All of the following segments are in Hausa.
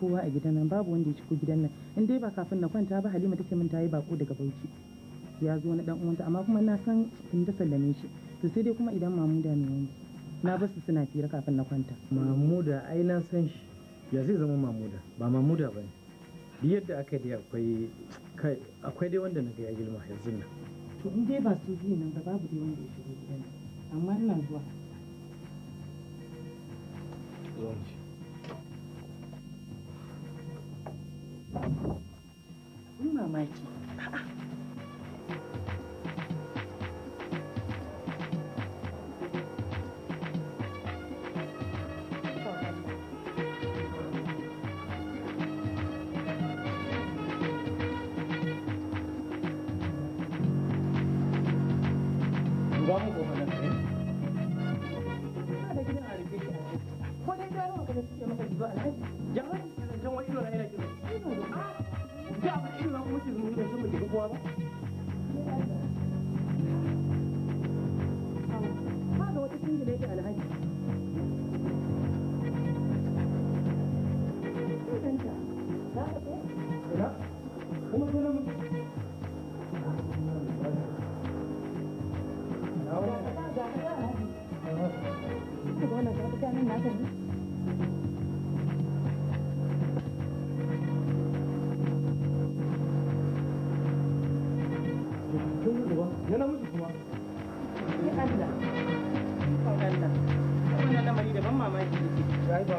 kowa a gidan nan babu wanda ya shigo gidan nan in dai ba kafin na kwanta ba halima take min tayi bako daga bauchi ya zo na dan uwanta amma kuma na san in da sallame shi to sai dai kuma idan mamuda ne wani na su suna fira kafin na kwanta mamuda ai na san shi ya zai zama mamuda ba mamuda ba ne biyar yadda aka dai akwai akwai dai wanda na ga ya girma yanzu nan to in dai ba su biyu nan ba babu dai wanda ya shigo gidan amma ina zuwa zo Allah ka fita ne yana mutu kuma ya Allah wannan lamari da ban mamaki yake ai ba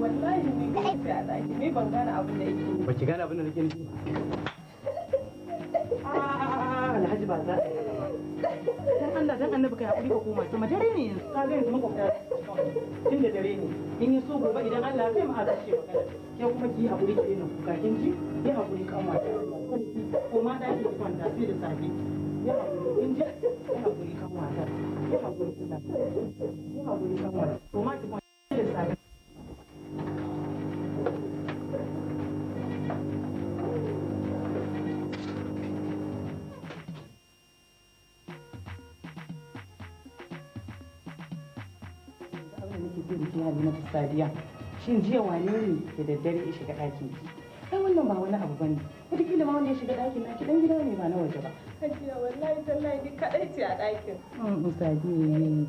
wallahi ni ka fi a zaki ni ban gane abin da yake ba ki gane abin da nake nufi ah, alhaji ba za yi dan Allah dan annabi kai hakuri ka koma sama dare ne yanzu ka ga yanzu makwabta tun da dare ne in yi so gobe idan Allah ya kai mu haza ce magana ke kuma ki hakuri ki daina kuka kin ji ki hakuri kan mata ko ma da ki kwanta sai da safe ya hakuri in ji ya hakuri kan mata ya hakuri kan mata ya hakuri kan mata ko ma ki kwanta ce halimatu sadiya shin jiya wane ne da daddare ya shiga ɗakin ki ai wannan ba wani abu bane wataƙila ma wanda ya shiga ɗakin dan gida ne ba na waje ba hajiya wallahi kaɗai ce a ɗakin mm, mm,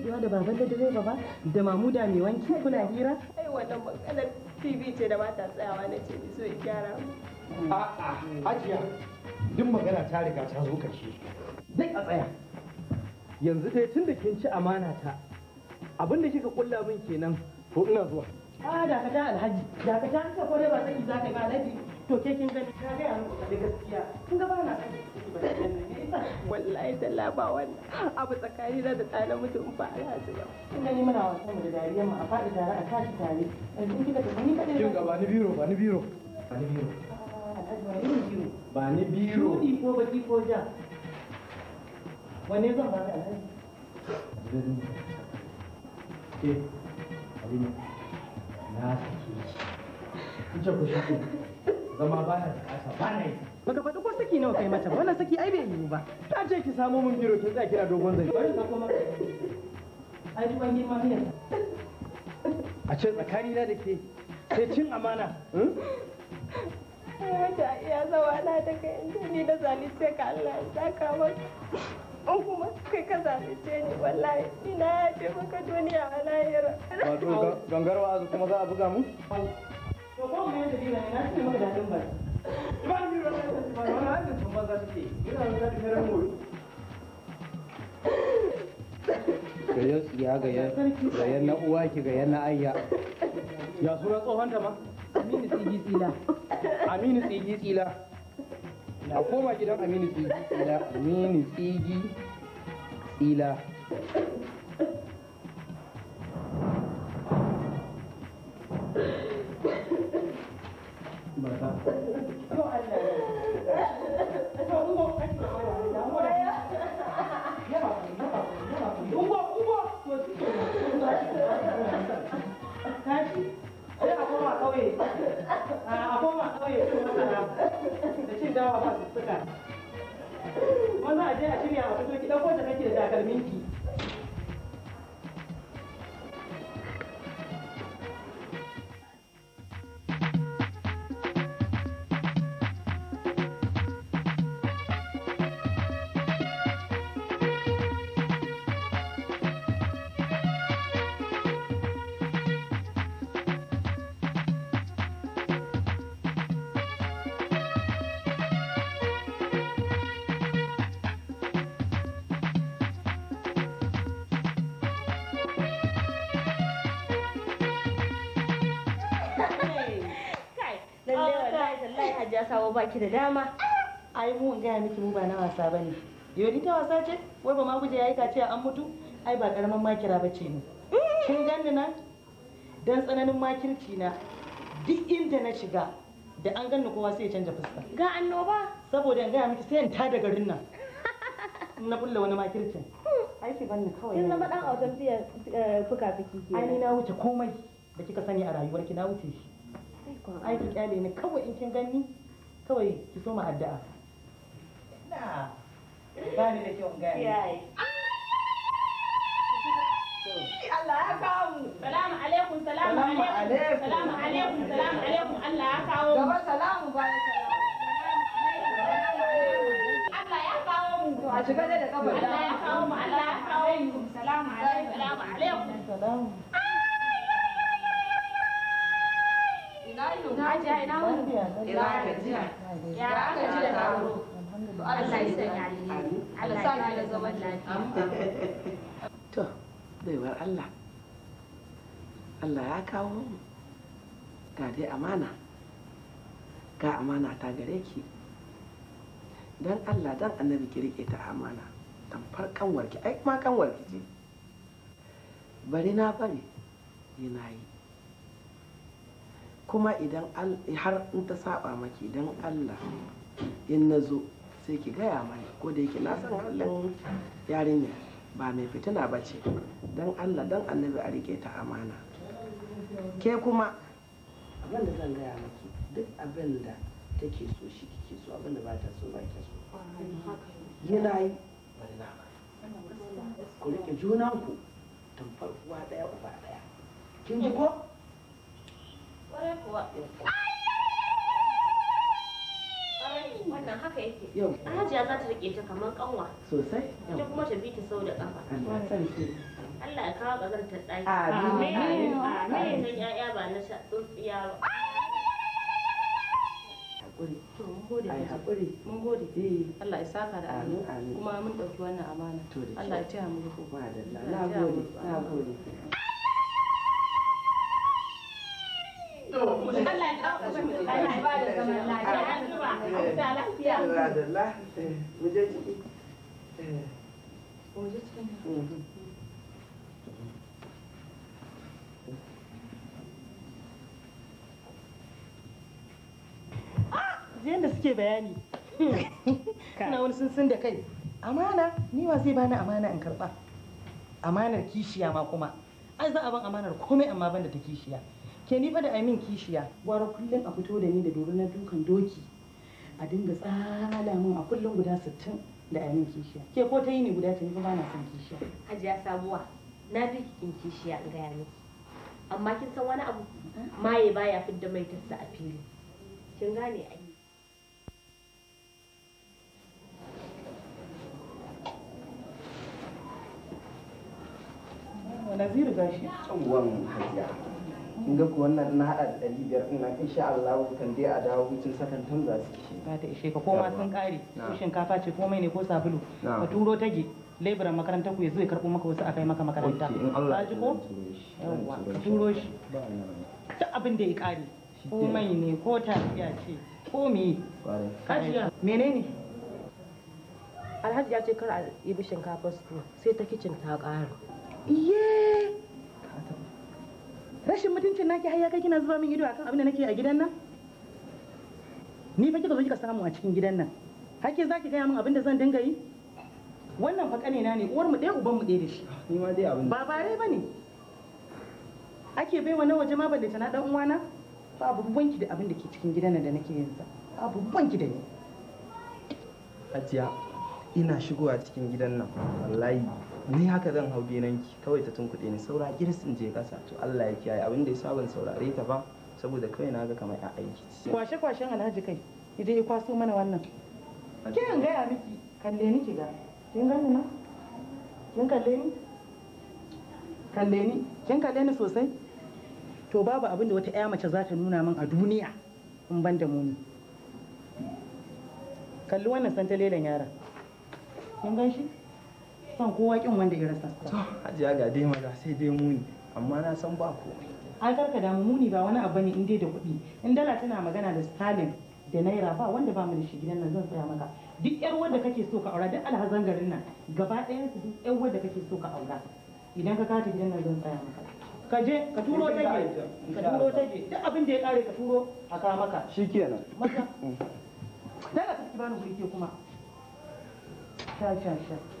kuna da baban da ba da mamuda mai wanki kuna hira ai wannan maganar tv ce da tsayawa na ce so in gyara mm. a'a hajiya duk magana ta riga ta zo ƙarshe dai a tsaya yanzu dai tun da kin ci amana ta abinda kika kulla min kenan ko ina zuwa a da ka ta alhaji da ka ta ka kore ba sai za ka ga alhaji to ke kin gani ka ga yaro da gaskiya kin ga ba na wallahi da laba wannan abu tsakani da ta mutum ba ya ji ba kin gani muna wasan mu da dariyar mu a faɗi tare a tashi tare in kika ta ni kadai kin ga ba ni biro ba ni biro ba ni biro ah, ba ni biro biro ko baki ko ja wanne zan ba ka alhaji ke eh, halima na sake shi ce ku shi zama ba ya kasa ba na faɗi ko saki nawa kai mata wannan saki ai bai yiwu ba ta ce ki samo min biro ki tsaya kira dogon zai bari ka koma ai ban a na da ke sai cin amana hmm? iya na daga inda ni da zalunce ka Allah ya in kuma kai ka zalunce ni wallahi ina yafe maka duniya a lahira. Wato gangarwa azu kuma za a buga mu? To ko mu yadda dina na ce maka dadin ba. Ba ni ba ba wani hajjin sun maza take. Ina da dadin ran mu. Gayen tsiya gayen gayen na uwa ki gayen na ayya. Ya sura tsohon ta ma? Aminu tsigi tsila. Aminu tsigi tsila. na koma gidan aminu tsigi aminu tsigi ki ba su suka maza a je a shirya a fito ki dauko da kake da takalminki baki da dama ah, ai mu gaya miki mu ba na wasa bane yau ni ta wasa ce wai ba ma guje yayi ka ce an mutu ai ba karaman makira bace ni kin ganni nan dan tsananin makirci na duk inda na shiga da an ganni kowa sai ya canja fuska ga annoba saboda ga gaya miki sai in ta da garin nan na bulla wani makircin ki banni kawai kin zama dan autan fiye eh, fuka fiki ke ai ni na wuce komai da kika sani a rayuwarki na wuce shi ki kyale ni kawai in kin ganni kawai ki so mu addu'a na ba ni da gani yayi Allah ya kawo salamu alaikum salamu alaikum salamu alaikum salamu alaikum Allah ya kawo mu gaba salamu bayan Allah ya kawo mu a shiga da kafa Allah ya kawo mu Allah ya kawo mu salamu alaikum salamu alaikum salamu Allah ya to baiwar Allah Allah ya kawo mu ga dai amana ga amana ta gare ki dan Allah dan annabi ki rike ta amana tamfar kanwarki ai ma kanwarki je bari na bari yana yi kuma idan har in ta saba maki don allah in na zo sai ki gaya mani ko da yake na san halin yarinya ba mai fitina ba ce don allah don annabi a rike ta amana ke kuma abin da zan gaya maki duk abin da take so shi kike so abin da ba ta so ba ke so yana yi bari na ku rike junanku tamfar uwa daya uba daya kin ji ko rike ta kamar kanwa Allah ya kawo amin amin ya'ya ba na sha ba eh. Allah ya saka da amin kuma mun ɗauki wannan amana Allah ya ce mu na gode na gode Allah yadda suke bayani kana wani sun da kai amana ni wa zai bani amana in karba amanar kishiya ma kuma ai za a ban amanar komai amma ban da ta kishiya ke ni fa da aimin kishiya gwara kullum a fito da ni da doro na dukan doki a dinga tsala min a kullum guda sittin da aimin kishiya ke ko ta yi ne guda ta ni fa ba na son kishiya hajiya sabuwa na fi kin kishiya in gaya miki amma kin san wani abu maye baya fidda mai tassa a fili kin gane ai Naziru gashi. Tsawon hajiya. in ga ku wannan na hada da ɗari biyar ina sha Allah kan dai a dawo sakan tun za su ishe Ba ta ishe ka koma sun kare ko shinkafa ce komai ne ko sabulu ka turo ta ge leburan makarantar ku ya zo ya karɓo maka wasu a kai maka makaranta ka ji ko yawa ka turo shi Ta abin da ya kare komai ne ko tafiya ce ko me kajiya menene alhaji ya ce kar a ibi shinkafa su sai ta kicin ta ƙara iye rashin mutuncin naki har ya kai kina zuba min ido akan abin da nake a gidan nan ni fa kika zo kika samu a cikin gidan nan ke zaki gaya min abin da zan dinga yi wannan fa na ne uwar mu ɗaya uban mu ɗaya da shi ah, ni ma dai abin ba bare bane ake baiwa na waje ma balle ta na dan uwana ba abubuwan ki da abin da ke cikin gidan nan da nake yanzu abubuwan ki da ni Hajiya ina shigowa cikin gidan nan wallahi ni haka zan hau ki kawai ta tunkuɗe ni saura kiris je kasa to Allah ya kiyaye abin da ya saban saurare ta ba saboda kawai na ga kamar a aiki kwashe kwashen alhaji kai idan ya kwaso mana wannan kin gaya miki kalle ni ki ga kin ni na kin kalle ni kalle ni kin kalle ni sosai to babu abin da wata ƴa mace za ta nuna min a duniya in ban da muni kalli wannan santalelan yaran kun gan shi? Son kowa kin wanda ya rasa. To, Hajiya ga dai maza sai dai muni, amma na san ba komai. Ai karka damu muni ba wani abu ne in dai da kuɗi. In dala tana magana da Stalin da Naira ba wanda ba mu da shi gidan nan zan tsaya maka. Duk yar wanda kake so ka aura duk alhazan garin nan gaba ɗayan su duk yar wanda kake so ka aura. Idan ka kata gidan nan zan tsaya maka. ka je ka turo ta ke ka turo ta ke duk abin da ya kare ka turo a maka shikenan maka mm. dala ka ki bani guri ke kuma अच्छा अच्छा अच्छा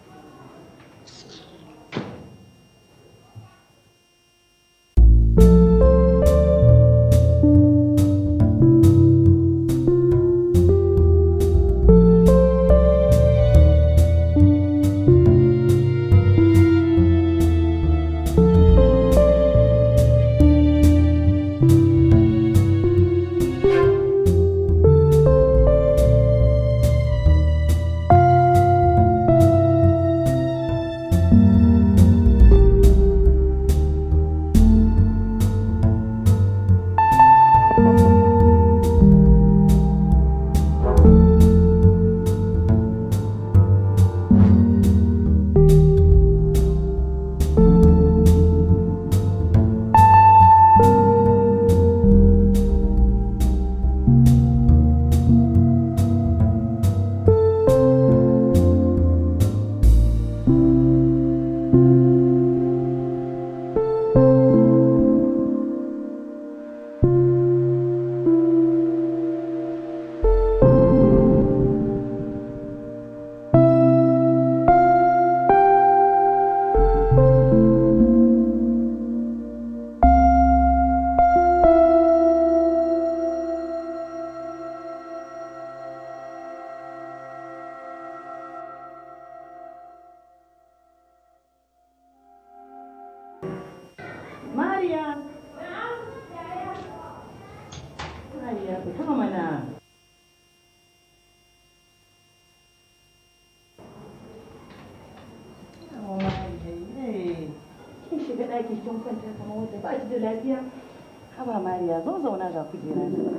ya zo zauna ga kujera na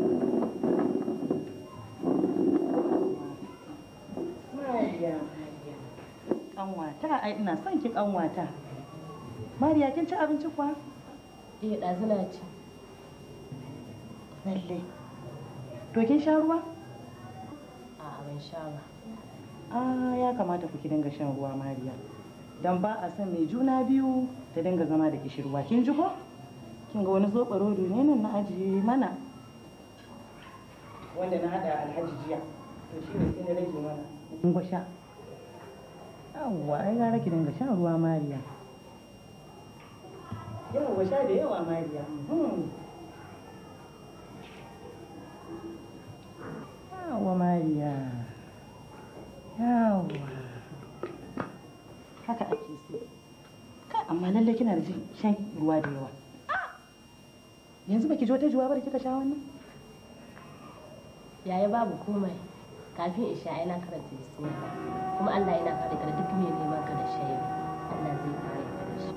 kanwata ai ina son ki kanwata mariya kin ci abinci kuwa eh na ci lalle to kin sha ruwa a ban sha ba ah ya kamata ku ki dinga shan ruwa mariya dan ba a san mai juna biyu ta dinga zama da kishirwa kin ji ko kin ga wani zoɓarodo ne nan na ajiye mana wanda na haɗa alhaji jiya to shi ne sai na rage mana in ga sha yawwa ai gara ki dinga shan ruwa mariya yawwa sha da yawa mariya hmm. Yawa mariya yawa. haka ake so kai amma lallai kina da shan ruwa da yawa yanzu baki zo juwa ba kika sha wannan yaya babu komai kafin in sha ina karanta bismillah kuma Allah yana kare ka da duk mai neman ka da shayi Allah zai kare ka da shi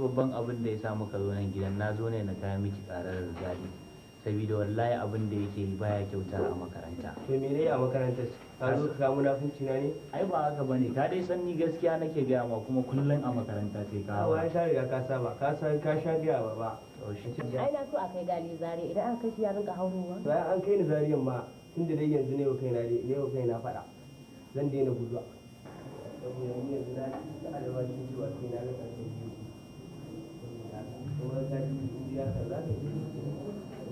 babban abin da ya sa muka zo nan gidan na zo ne na kaya miki karar zali saboda wallahi abin da yake yi baya kyauta a makaranta to me dai a makaranta ka zo ka munafunci na ne ai ba haka bane ka dai san ni gaskiya nake gaya ma kuma kullum a makaranta sai ka Ba ya sha riga ka saba ka san ka sha gaya ba ba ai na so a kai gali zari idan an kashi ya rinka haurowa bayan an kai ni zariyan ma tunda dai yanzu ne wa kaina dai ne wa kaina fada zan daina guduwa saboda ni yanzu na ci alwashi zuwa kaina na ƙarshen biyu kuma ka ji ya kaza da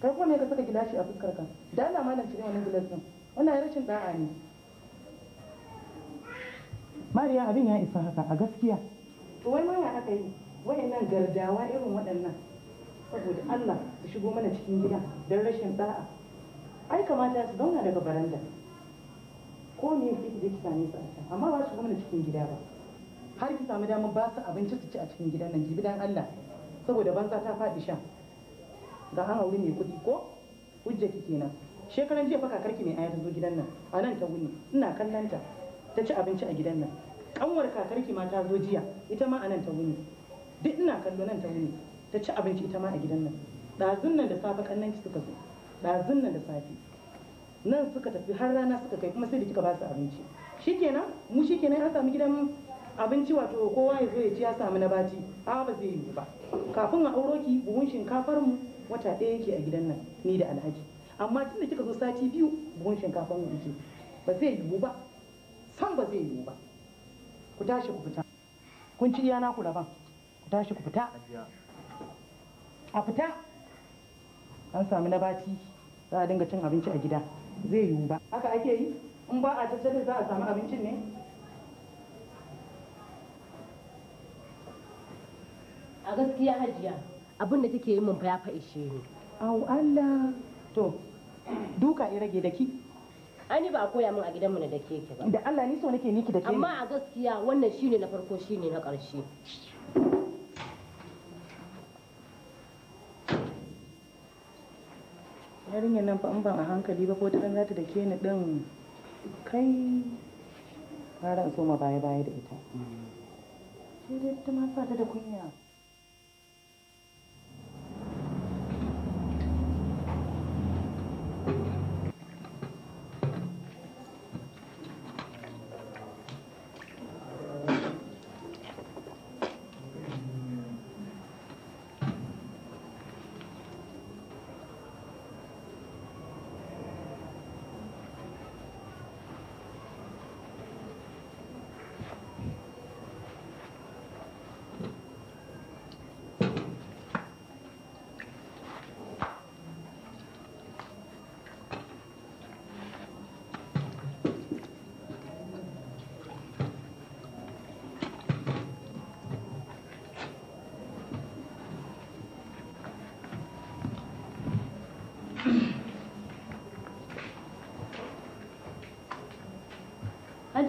kai kuma ne ka saka gilashi a fuskar ka da Allah malam cire wannan gilas din wannan rashin da'a ne Mariya abin ya isa haka a gaskiya to wai ma ya haka yi wayannan gardawa irin waɗannan saboda Allah su shigo mana cikin gida don rashin da'a ai kamata su zauna daga baranda ko me yake je ki same su a amma ba su shigo mana cikin gida ba har ki samu damar ba su abinci su ci a cikin gidan nan jibi dan Allah saboda banza ta faɗi shan da hawa wuri mai kuɗi ko hujja ki kenan shekaran jiya fa karki mai aya ta zo gidan nan a nan ta wuni ina kallanta ta ci abinci a gidan nan kanwar kakarki ma ta zo jiya ita ma a nan ta wuni duk ina kallo nan ta wuni ta ci abinci ita ma a gidan nan ɗazun nan da safe kannan ki suka zo ɗazun nan da safe nan suka tafi har rana suka kai kuma sai da kika ba su abinci shikenan mu shikenan ya samu gidan abinci wato kowa ya zo ya ci ya samu na baci a ba zai yi ba kafin a auro ki buhun shinkafar mu wata ɗaya yake a gidan nan ni da alhaji amma tun da kika zo sati biyu buhun shinkafa mu yake ba zai yiwu ba san ba zai yiwu ba ku tashi ku fita kun ci iya ku rabon? ku tashi ku fita a fita an sami na baci za a dinga cin abinci a gida zai yiwu ba haka ake yi in ba a tattalin za a samu abincin ne a gaskiya hajiya abin da take yi min fa ya fa ishe ni au Allah to duka ya rage da ki ani ba a koya min a gidanmu na dake ki ba da Allah ni so nake niki dake amma a gaskiya wannan shine na farko shine na ƙarshe yarinyar nan ba in ban a hankali ba ko ta zata da dake ni din kai fara in so ma baya baya da ita mm. sai dai ta ma fata da kunya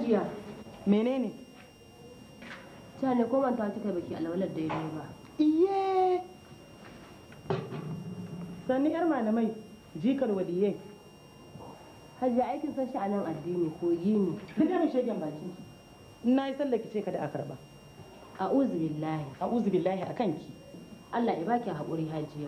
iya menene ta ne ko manta kika baki alwalar daidai ba iye sani yar malamai jikar waliye hajji aikin san shi a nan addini ko gini duk mai shegen baki na yi sallah ki ce kada a karba a'udhu billahi a'udhu billahi akan ki Allah ya baki hakuri hajiya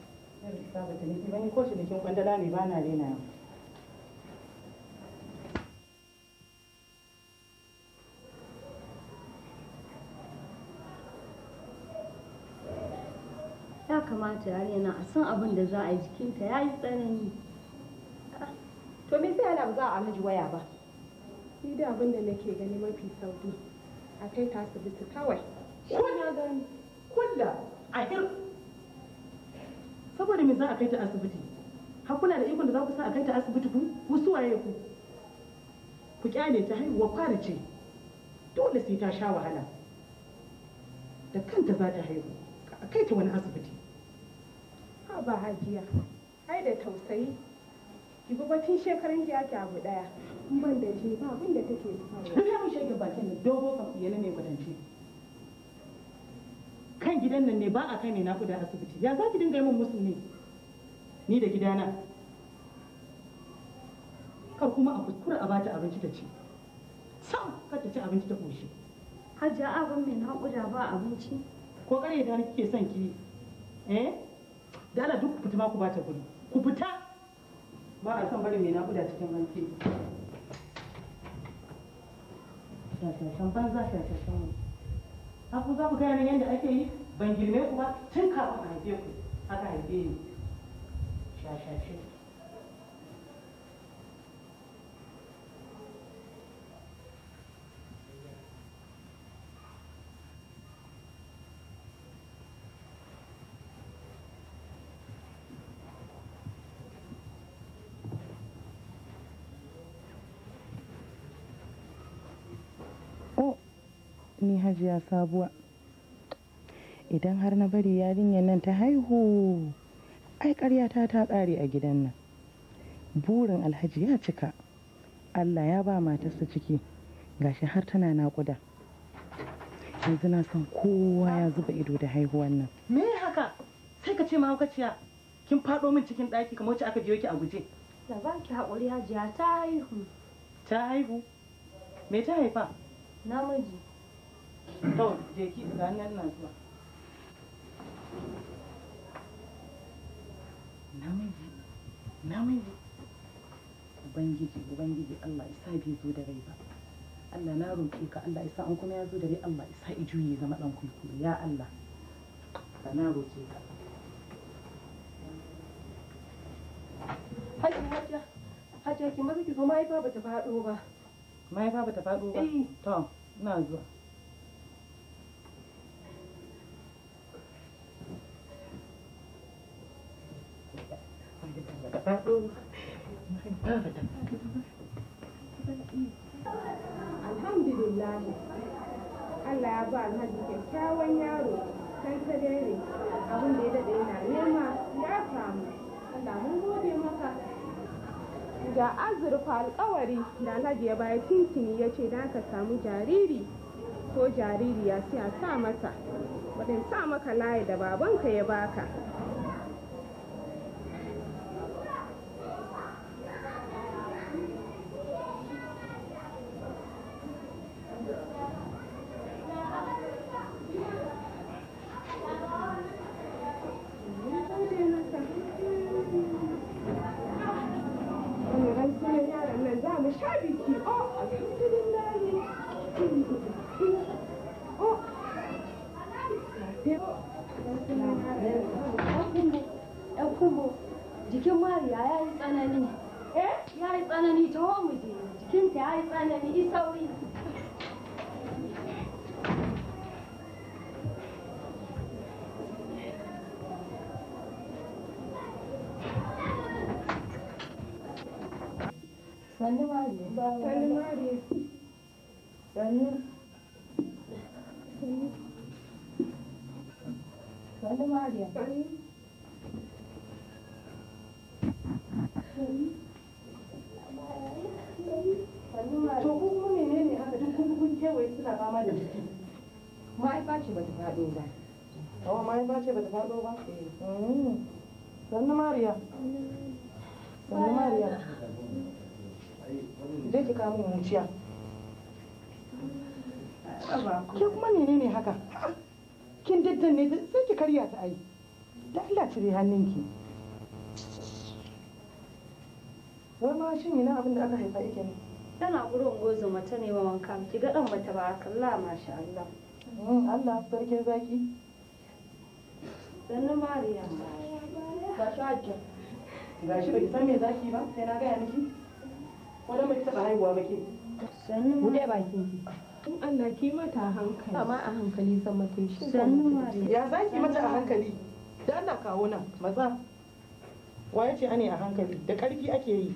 saba ya kamata yare na a san abin da za a yi jikinta ya yi tsanani to me sai ana ba za a miji waya ba ni da abin da nake gani mafi sauki a kai ta asibiti kawai ko na gani kulla a hirka saboda me za a kai ta asibiti kuna da ikon da za ku sa a kai ta asibiti ku ku suwaye ku ku kyale ta haihuwa fara ce dole sai ta sha wahala da kanta za ta haihu a kai ta wani asibiti ha ba hajiya ai da tausayi ki ba batun shekaran ki ake abu daya ban da ji ba abin da take faruwa ki ya mu shege bakin dogo kan yana ne gudanci kan gidan nan ne ba a kai mai nakuda asibiti ya za ki dinga yi min musu ne ni da gidana kar kuma a kuskura a bata abinci ta ci sam kar ta ci abinci ta koshi hajja abin mai nakuda ba abinci ko kare da kike son ki eh dala duk ku fita ma ku bata guri ku fita ba a son barin mai nakuda cikin hanci shashashan banza shashashan wani Aku za ku gaya min yadda ake yi? ban girme ku tun kafin a haife ku aka haife ni shashashe ni hajiya sabuwa idan har na bari yarinyar nan ta haihu ai karyata ta ƙare a gidan nan burin alhaji ya cika allah ya ba matarsa ciki gashi har tana naƙuda yanzu na san kowa ya zuba ido da haihuwan nan me haka sai ka ce mahaukaciya kin faɗo min cikin ɗaki kamar wacce aka biyo ki a guje da ba ki haƙuri hajiya ta haihu ta haihu me ta haifa namiji to je ki ga nan na zuwa namiji namiji ubangiji ubangiji Allah isa bai zo da rai ba Allah na roƙe ka Allah isa an kuma ya zo da rai Allah isa i juye zama dan kuikuyo ya Allah ka na roƙe ka Haji hajja hajja ki maza ki zo ba ta faɗo ba ba ta faɗo ba eh. to ina zuwa Alhamdulillah. Allah ya ba alhaji kyakkyawan yaro kan kadere abin da ya daɗe yana nema ya samu. Allah mun gode maka. Ga azurfa alkawari da alhaji ya baya tintini ya ce da ka samu jariri ko jaririya sai a sa mata. Wadin sa maka layi da babanka ya baka. Sannu Mariya. Sannu Mariya. je ki kawo min muciya ke kuma menene haka kin ne sai ki karya ta ai da Allah cire hannunki wai ma shin ina abin da aka haifa yake ne tana gurin gozo mata ne wa wanka ki ga dan mata barakallah masha Allah hmm, Allah sarkin zaki sannan Maryam ba shi hajji ga shi bai san me zaki ba sai na gaya miki wani mai taɓa haihuwa ba ke sannu buɗe bakin ki in Allah ki mata hankali amma a hankali zan mata shi sannu ya za ki mata a hankali da Allah kawo nan matsa wa ya ce ane a hankali da ƙarfi ake yi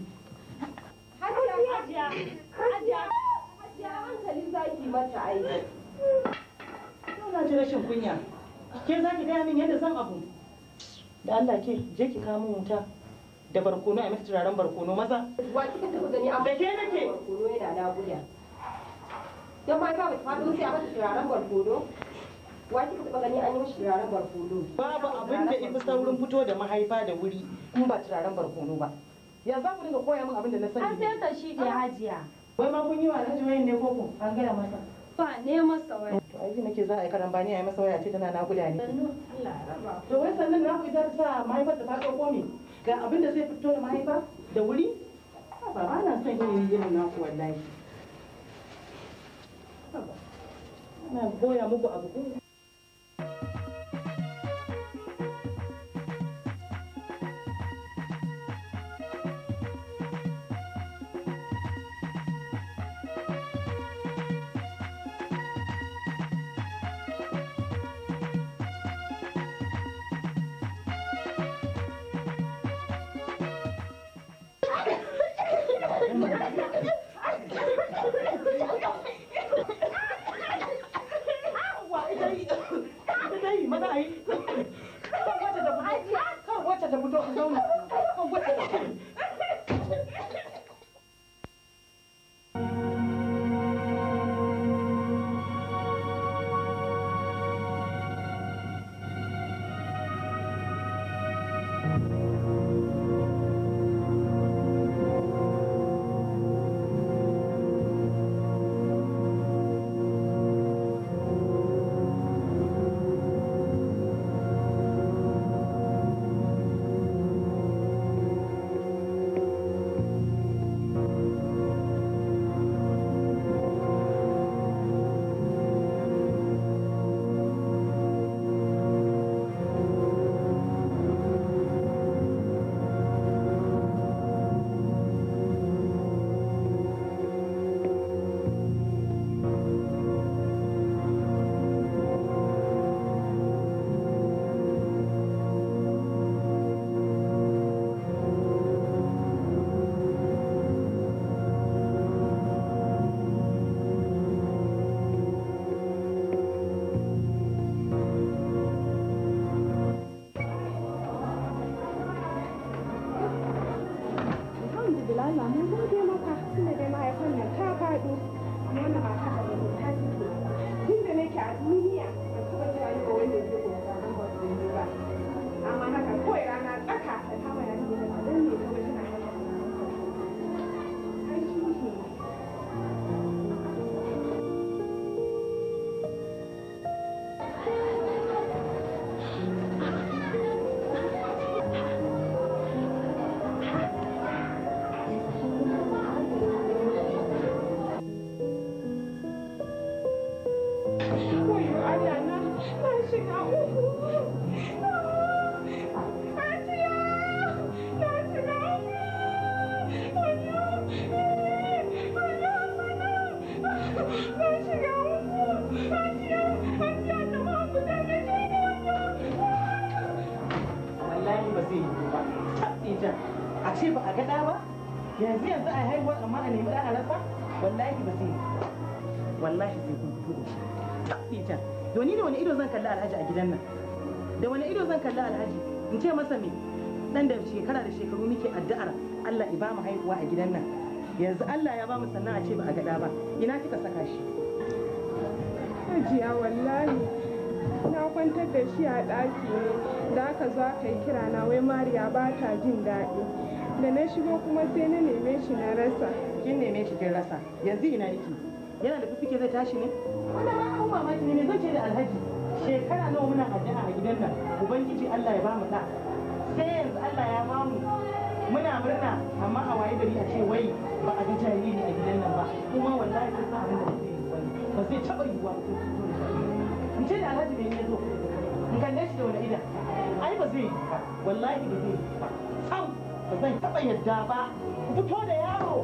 hajiya hajiya hajiya hankali za ki mata aiki na ji rashin kunya ke za ki gaya min yadda zan abu da Allah ke je ki kamo wuta da barkono a mata turaren barkono maza. Wa kika tafi gani a da ke nake. Barkono yana na guya. Don mata ba ta faɗo sai a mata turaren barkono. Wa kika taɓa gani an yi mishi turaren barkono. Babu abin da ifi saurin fito da mahaifa da wuri in ba turaren barkono ba. Ya za ku dinga koya min abin da na sani. An sayar da shi da hajiya. Wai ma kun yi wa alhaji wayan ne koko an gaya masa. ba ne masa waya to aiki nake za a yi karambani a yi masa waya ce tana naguda ne to wai sannan na ku idan sa mahaifar da ta ɗauko me ga abin da zai fito da mahaifa da wuri ba ba na son yin yin naku wallahi ana goya muku abu doni da wani ido zan kalli alhaji a gidan nan? Da wani ido zan kalli alhaji? In ce masa me? Dan da shekara da shekaru muke addu'ar Allah i ba mu haihuwa a gidan nan. Yanzu Allah ya ba mu sannan a ce ba a gada ba. Ina kika saka shi? Hajiya wallahi na kwantar da shi a ɗaki ne da aka zo aka yi kira na wai Mariya ba ta jin daɗi. Da na shigo kuma sai na neme shi na rasa. Kin neme shi kin rasa. Yanzu ina yake? yana da fifike zai tashi ne wannan ma abun mamaki ne me zan ce da alhaji shekara nawa muna addu'a a gidan nan ubangiji Allah ya ba mu da sai yanzu Allah ya ba mu muna murna amma a waye gari a ce wai ba a ji jariri a gidan nan ba kuma wallahi sun sa abin da zai yi wani ba zai taɓa yiwuwa ba sai fito da shi in ce da alhaji me ya zo in kalle shi da wani idan ai ba zai yi ba wallahi ba zai yi ba sam ba zan taɓa yadda ba fito da yaro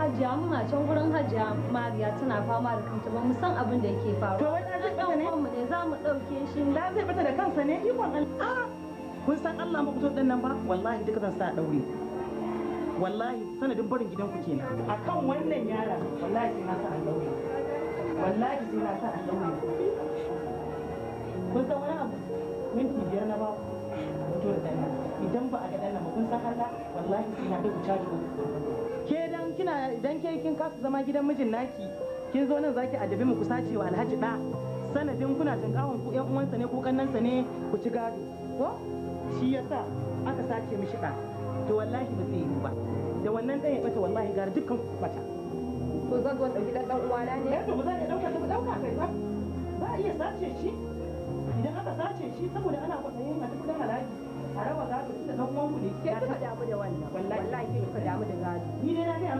hajiya muna can wurin hajiya mariya tana fama da kanta ba mu san abin da yake faru to wai zai bata ne mu ne zamu dauke shi da zai bata da kansa ne ikon Allah ah! kun san Allah ma ku din nan ba wallahi duka zan sa daure wallahi sanadin barin gidan ku kenan akan wannan yara wallahi sai na sa an daure wallahi sai na sa an daure kun san wani abu minti biyar na ba ku to da idan ba a ga dan nan ba kun san Allah wallahi sai na kai ku caji ku ke dan kina dan ke kin kasu zama gidan mijin naki kin zo nan zaki adabi mu sace wa alhaji da sanadin kuna tinkawon ku yan uwansa ne ko kannansa ne ku ci gado ko shi yasa aka sace mishi da to wallahi ba zai yi ba da wannan dan ya bata wallahi gara dukkan ku bata to zan zo dauki dan dan uwana ne eh to ba za ka dauka ba dauka kai ba za a iya sace shi idan aka sace shi saboda ana kwaɗayin a duk da a raba gado da dan uwan ku ne ke ka da wannan wallahi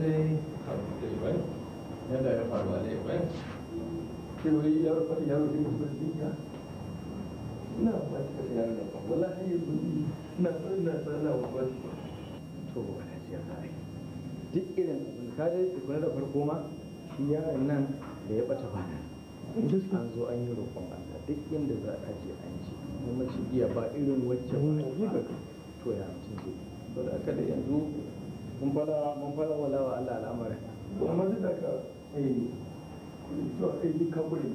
dai da yadda ya faru da ya da ya ina ba ta kasa wala hanyar na na na to duk irin abin ka dai da farko ma shi yaron nan da ya bata bana an zo an yi roƙon Allah duk inda za a je an ci kuma iya ba irin wacce ba to ya mutum ce da aka da yanzu mun fara mun fara wala wa Allah al'amari amma duk da ka eh to kai duk ka gure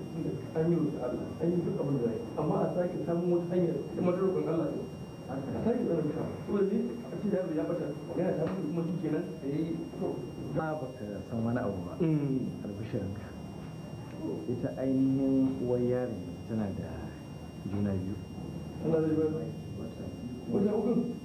an yi wuta Allah an yi duk abin da zai amma a sake samun wata hanyar kuma da roƙon Allah ne a sake tsarin ka to ne a ce yaro ya bata yana ta kuma shi kenan eh to ba ba ka san wani abu ba mm. albishirinka ita ainihin uwar yari tana da juna biyu tana da juna biyu wata ukun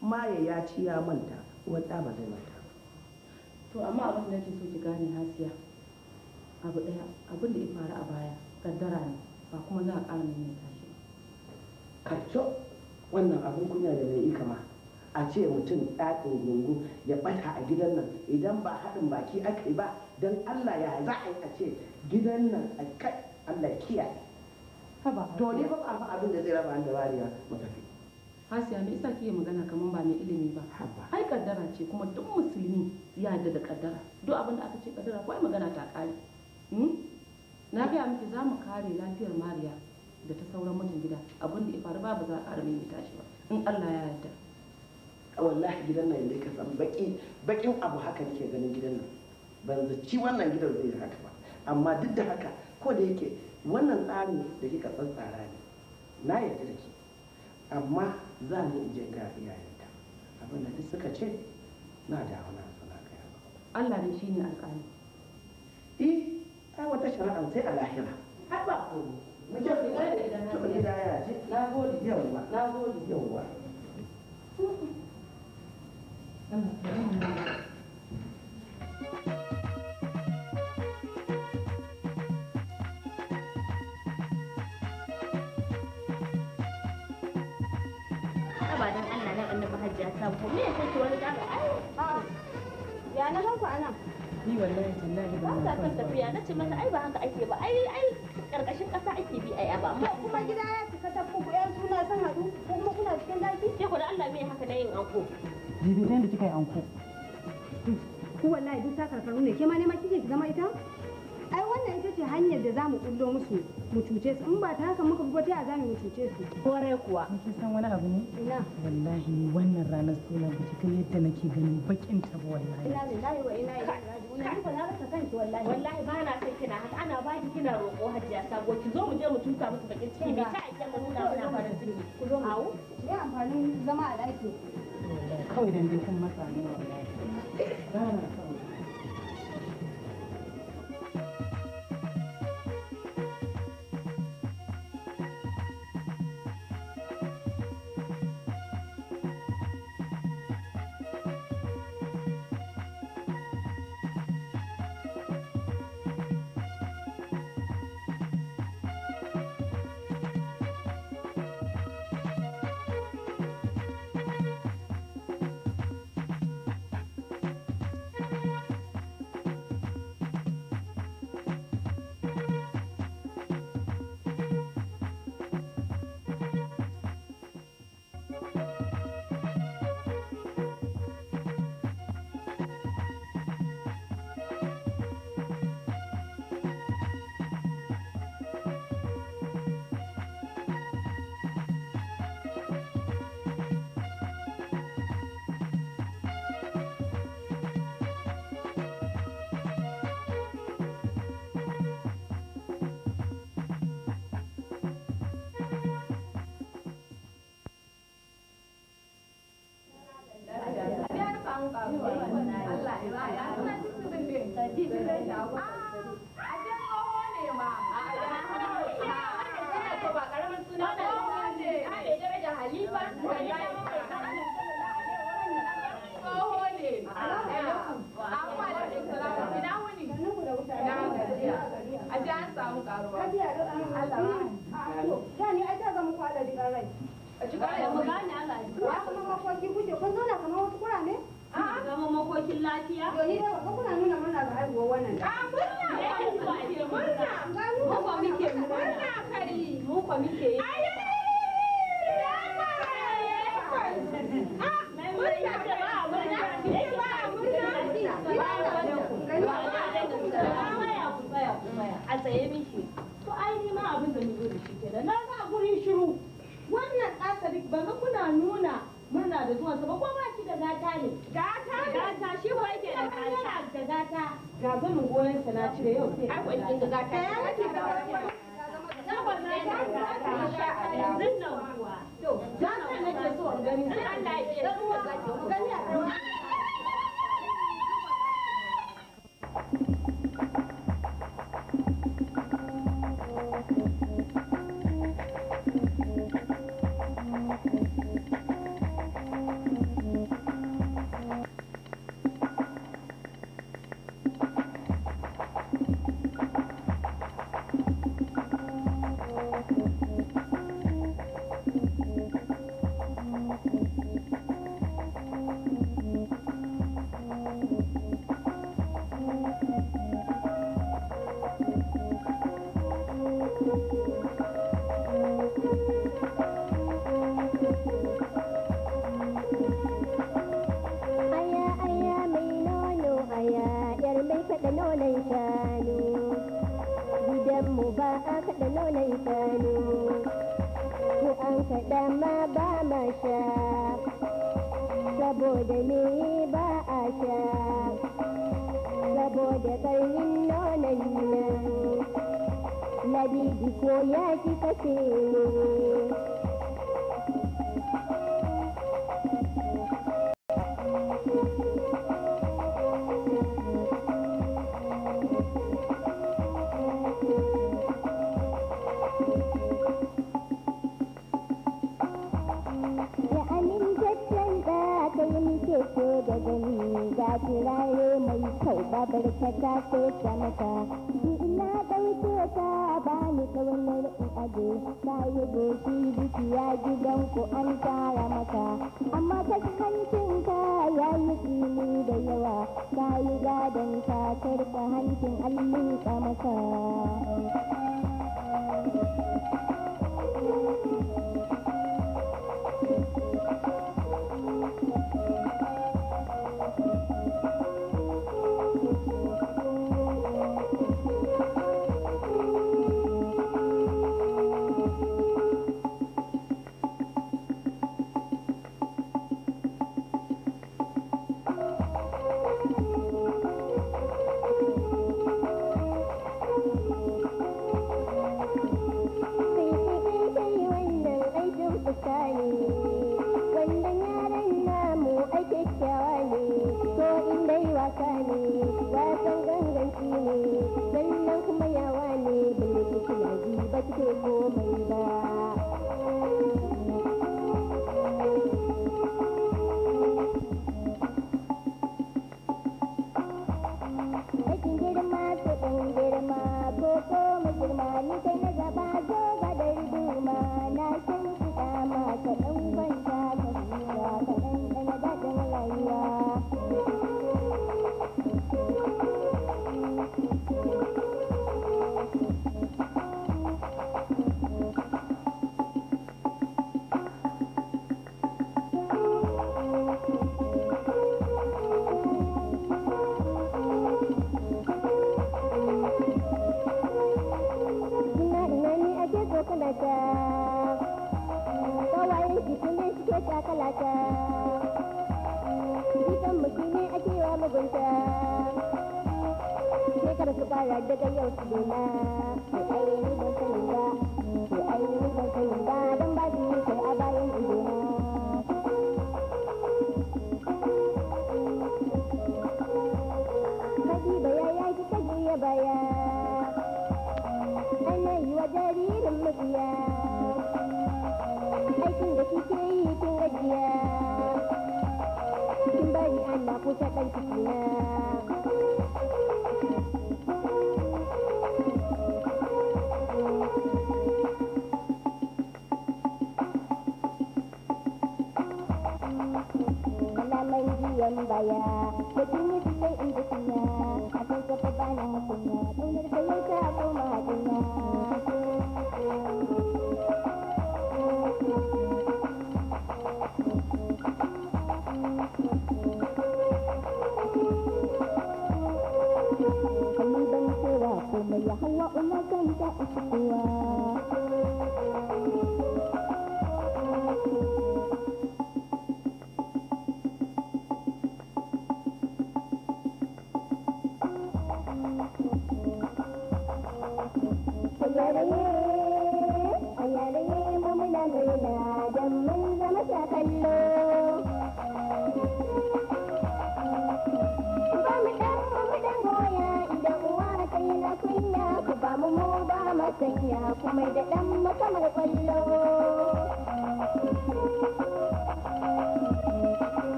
maye ya ci ya manta uwar ɗa ba zai manta to amma abin da nake so ki gane hasiya abu ɗaya abin da ya faru a baya kaddara ne ba kuma za a ƙara mai tashi kacco wannan abin kunya da mai yi kama a ce mutum ɗakin gungu ya ɓata a gidan nan idan ba haɗin baki aka yi ba don allah ya za a yi a ce gidan nan a kai allah kiyaye to ne ba abin da zai raba an da bariya matafi Hasiya me yasa kike magana kaman ba mai ilimi ba? Ai kaddara ce kuma duk musulmi ya da da kaddara. Duk abin da aka ce kaddara ko magana ta kare. Hmm? Na gaya miki za mu kare lafiyar Mariya da ta sauran mutum gida abin da ya faru ba ba za a kare mai tashi ba in Allah ya yarda. Wallahi gidan nan ne ka san baki bakin abu haka nake ganin gidan nan. Ban zaci wannan gidan zai haka ba. Amma duk da haka ko da yake wannan tsarin da kika tsara ne. Na yarda da ke Amma za ni in gafi ga iyayenta abin da duk suka ce na da wani suna kaya ba Allah ne shine alƙali eh ai wata shari'a sai a lahira ai ba ko mu je ne. da idan na ya ce na gode yawa na gode yawa Allah ya kai wani gaba ai ni wallahi tallahi ba Ba ta san tafiya na ce mata ai ba haka ake ba ai ai karkashin kasa ake bi ai ba Amma kuma gida ya cika ta ku ƴan suna san hadu kuma kuna cikin daki ke ku da Allah me haka na yin anko jibi da kika yi anko ku wallahi duk ta karkaru ne ke ma ne ma kike zama ita ai wannan ita ce hanyar da za mu kullo musu mu cuce su in ba ta haka muka bugo ta za mu cuce su kore kuwa kin san wani abu ne ina wallahi ni wannan ranar suna ba ta kai yadda nake ganin bakin ta ba wallahi ina lillahi wa ina ilaihi raji'un ba na rasa kanki wallahi wallahi ba na san kina haka ana ba ki kina roƙo hajiya sabo ki zo mu je mu tuka musu bakin ciki me ta ake mu nuna muna farin ciki ku zo mu Ni amfanin zama a ɗaki kawai dan dai kun masa ne wallahi Yanzu nan kuwa. To, don kan nake so in gani. Allah ya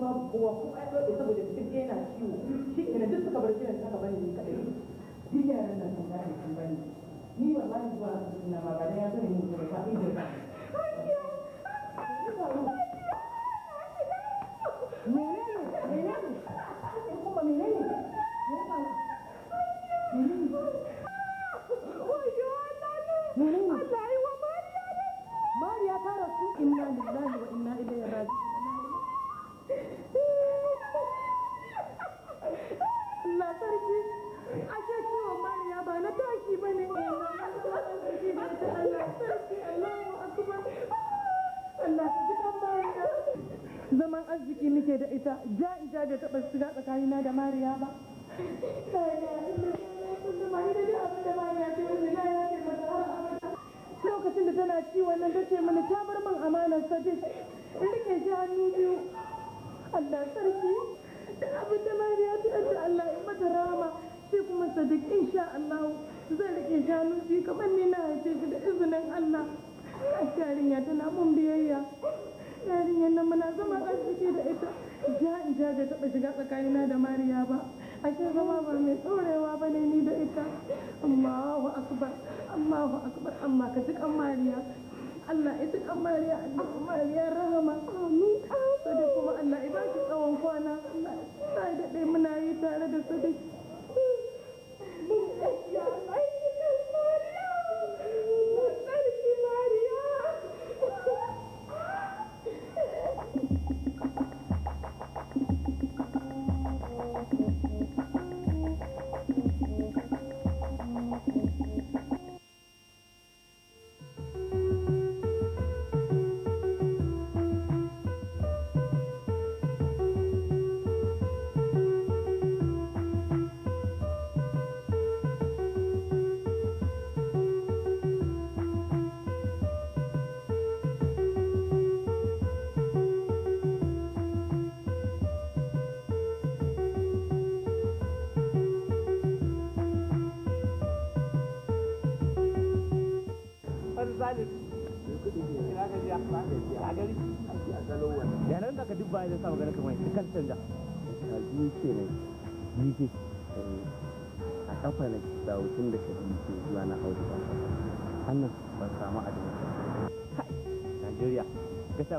babu kowa ko ai dole saboda cikin ɗaya na ciwo shi ina duk suka bar kiran saka bane ni kadai duk yaran nan sun gane sun bane ni wallahi zuwa na ma ba ya zo ne mu da ta ido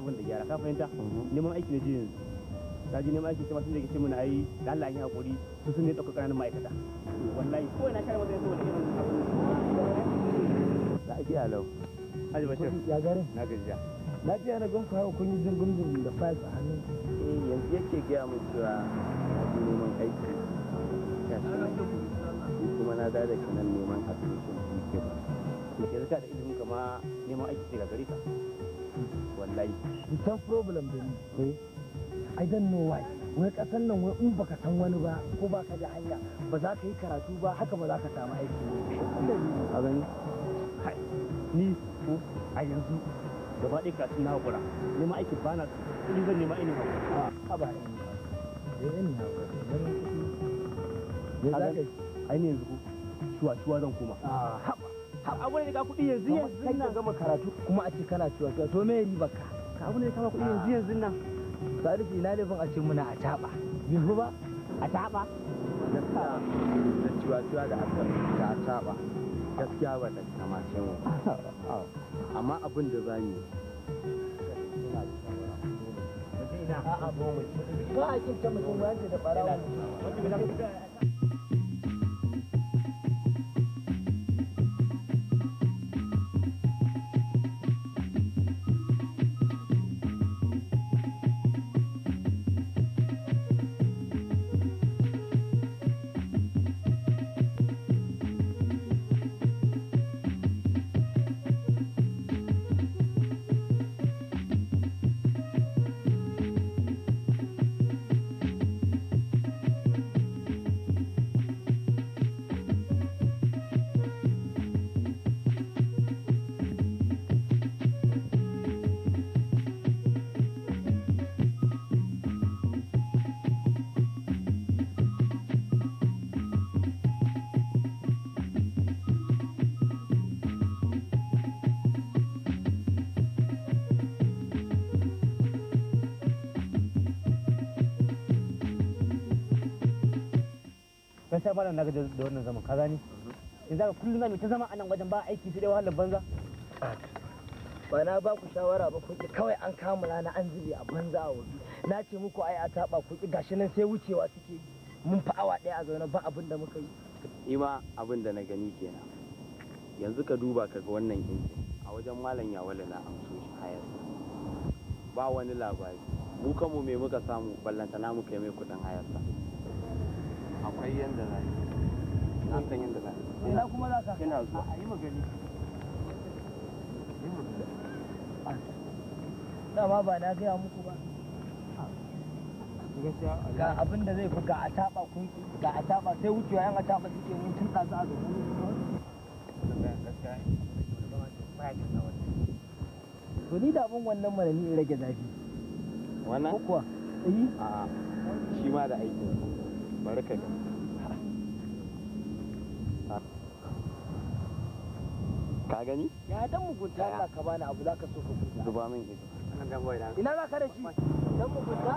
abin da gyara ka fahimta mhm. neman aiki na ji yanzu ta ji neman aiki kamar sun da kice mun ayi da Allah ya hakuri su sun ne ɗauka ƙananan ma'aikata wallahi ko ina kare mutane saboda irin abin da ake alau Haji Bashir ya gare na gajiya lafiya na gonku hawa kun yi jirgin jirgin da files a hannun eh yanzu yake gaya mu cewa na ji neman aiki kuma na da da kanan neman admission ke ba yanzu ka da ilimin kama neman aiki daga gare ka wallahi the problem da ni eh? i don't know why wai kasan nan wai in baka san wani ba ko baka da hanya ba za ka yi karatu ba haka ba za ka samu aiki a gani ni ko a yanzu gaba ɗaya karatu na haƙura nema aiki ba na kuɗi zan nema ilimin haƙura ah, a ba ilimin haƙura ne za ka yi ainihin yanzu ko shuwa ciwa zan koma a ah, haɓa abu ne ka kuɗi yanzu yanzu nan kai gama karatu kuma a ce kana cewa to me riba ka ka abu ne ka kuɗi yanzu ah. yanzu nan salisu ina laifin a ce muna a taɓa yanzu ba a taɓa gaskiya da ciwa-ciwa da aka da a taɓa gaskiya ba da kamace mu amma abin da za mu ba a kinta mutum wanda da ɓarawa malam na gajar da wannan zaman ka gani in za ka kullum zamu ta zama anan wajen ba aiki sai dai wahalar banza ba na ba ku shawara ba ku kawai an kama rana an zube a banza a wuri na ce muku ai a taba ku ki gashi nan sai wucewa suke mun fa awa daya a zaune ba abin da muka yi ima abin da na gani kenan yanzu ka duba ka ga wannan injin a wajen malam yawale na amso shi hayar ba wani labari mu kanmu me muka samu ballantana mu kai mai kuɗin hayarsa akwai yadda za na yi yanda za ina kuma za ka ina zuwa a yi magani dama ba na gaya muku ba ga abin da zai fi ga ataba kun ga ataba sai wucewa yan ataba suke mutun da za a ga to ni da abin wannan mana ni rage zafi wannan kuwa eh a shi ma da aiki bari ka ga gani ya dan mugunta Allah ka bani abu zaka so ka kusa zuba min ido ina zaka da shi dan mugunta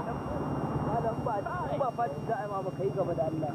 dan ba ba fati za a yi ma maka yi gaba da Allah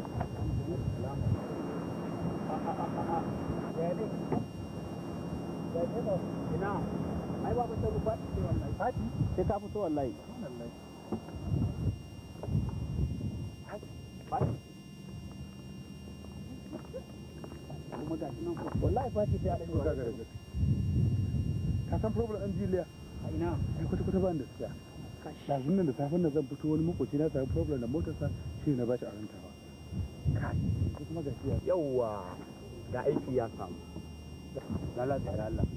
sai ka fito wallahi wallahi fati sai a ɗan yi san problem ɗan jiliya a ina ai kwata-kwata ba da siya ɗazun nan da safin da zan fito wani makoci na sami problem da motarsa shi na bashi a rantawa kuma gajiya yawa ga aiki ya samu lala da Allah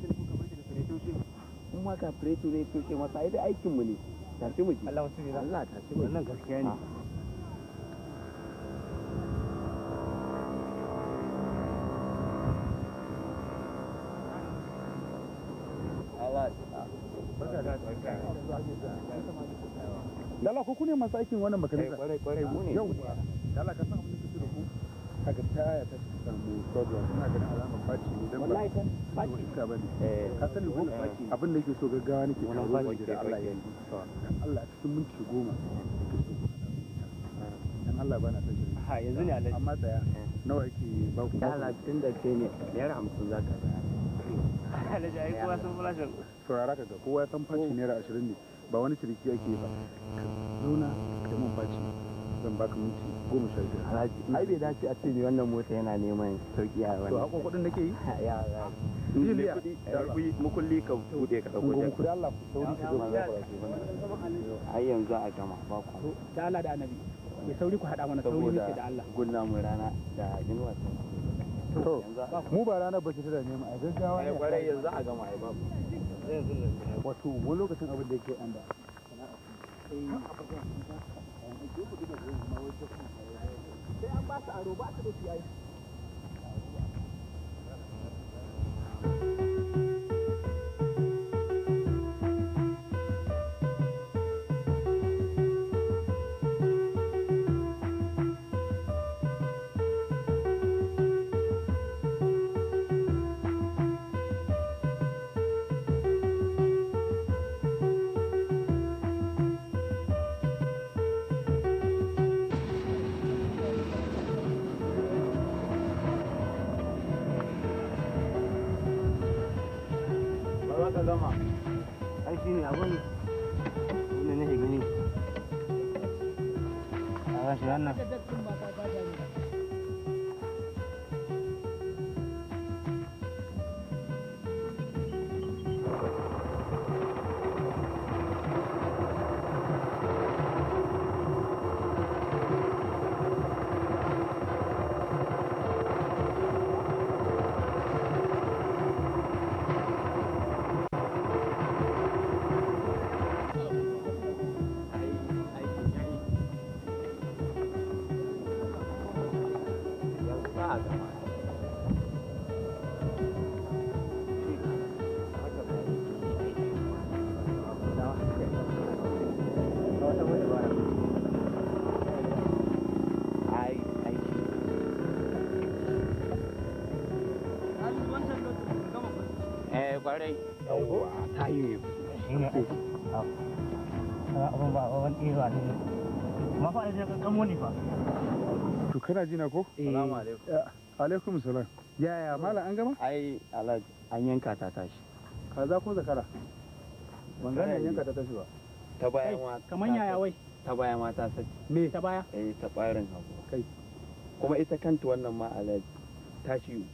in ma ka fireto ne toshe masa ai aikin mu ne tafi mu ji Allah wasu Allah tashi mu wannan gaskiya ne Dala ku ne masu aikin wannan eh, makarantar? Kwarai kwarai mu ne. Yau. Dala ka san abin da kaga taya ta samu problem ina ganin alamar faci ne dan ba faci iska eh, ka sani ko abin da yake so gaggawa nake kan ruwa gida Allah ya yi Allah a cikin minti so dan Allah bana ta shirin ha yanzu ne Allah amma tsaya eh. nawa yake ba ku ya Allah tun ke ne zaka ai kowa san saurara ga kowa ya san faci oh. naira 20 ne ba wani ciniki ake ba ka zauna ka zan baka minti goma sha biyar haraji a ce mai wannan mota yana neman sauki a wani to akwai kuɗin da ke yi ya za ni ne kuɗi mukulli ka buɗe ka ɗauko kuɗi Allah ku sauri ku ai yanzu a gama ba ku Allah da annabi sauri ku haɗa mana sauri da Allah gunna mu rana da to mu ba rana ba ta da neman a gaggawa ne kwarai yanzu a gama ai babu wato wani lokacin abin da yake anda sana'a eh, sai an ba aro ba a taɓa ɗewa ne ma da ka kamo ni fa to kana ji ko salamu alaikum alaikum salam ya mala an gama ai alhaji an yanka ta tashi kaza ko zakara ban gane yanka ta tashi ba ta ma yaya wai ta baya ma ta saki. me ta baya eh ta barin hagu kai kuma ita kanta wannan ma alhaji tashi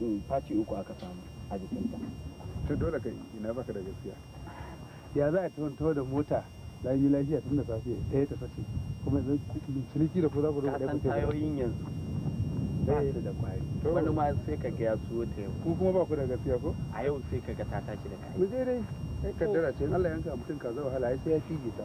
mm, faci uku aka samu a jikinta dole kai ina baka da gaskiya ya za a tunto da mota lami lafiya tun da safe ɗaya ta sace kuma yanzu ciniki da ko za ku rubuta ta tayoyin yanzu ba eh. su da kwari wani ma sai ka ga ya suwo ta yau ku kuma ba ku da gaskiya ko a yau sai ka ga ta tashi da kai mu je dai kai kaddara ce in Allah yanka mutum kaza wahala sai ya fige ta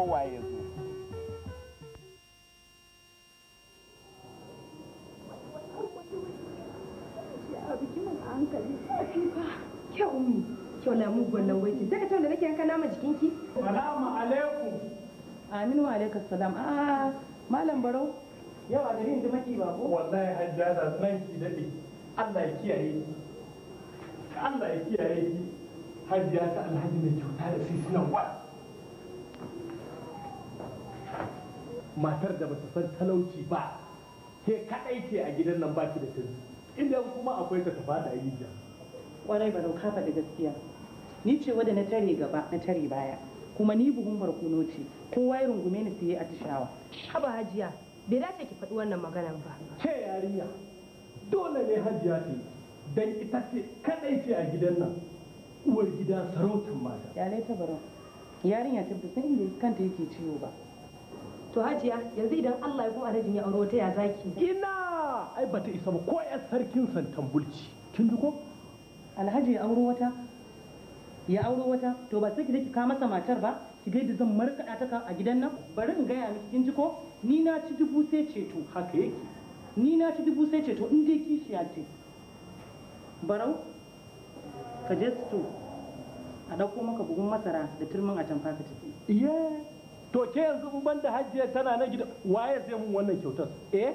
Kowa ya zo nake yanka nama Allah ya kiyaye ki Allah ya alhaji mai kyauta da wa matar da bata san talauci ba ke kadai ce a gidan nan baki da tunzi inda kuma akwai ta tafa da ayyuka kwarai ba fa da gaskiya ni ce wanda na tare gaba na tare baya kuma ni buhun barkuno ce kowa ya rungume ni sai atishawa haba hajiya bai dace ki faɗi wannan maganar ba ce yarinya dole ne hajiya ce dan ita ce kadai ce a gidan nan uwar gida sarautar mata ya ne ta baro yarinya ta san inda kanta yake ciwo ba to hajiya yanzu idan Allah ya kuma alhajin ya aure ta ya zaki ina ai bata isa ba ko ya sarkin santan bulci kin ji ko alhaji ya aure wata ya aure wata to ba sai ki je ki ka masa matar ba ki ga zan markaɗa ta a gidan nan bari in gaya miki kin ji ko ni na ci dubu sai ceto haka yake ni na ci dubu sai ceto in dai ya ce barau ka je su a ɗauko maka bugun masara da turmin a can ka ciki yeah to ke yanzu in banda hajjiya tana na gida waye zai mun wannan kyautar eh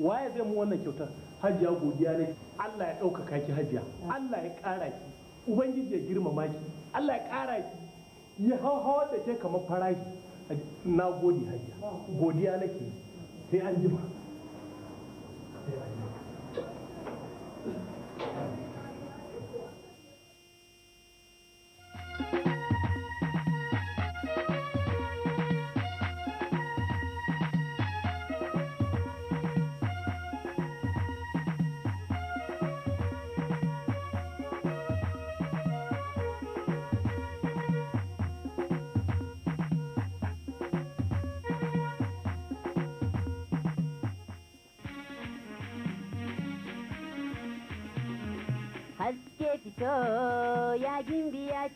waye zai mun wannan kyautar hajjiya godiya ne Allah ya ɗaukaka ki hajjiya Allah ya ƙara ki ubangiji ya girmama ki Allah ya ƙara ki ya hauhawa da ke kamar farashi na gode hajjiya godiya nake sai an jima thank you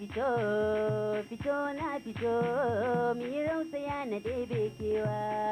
fito fito na fito mi rausa ya na ɗebe kewa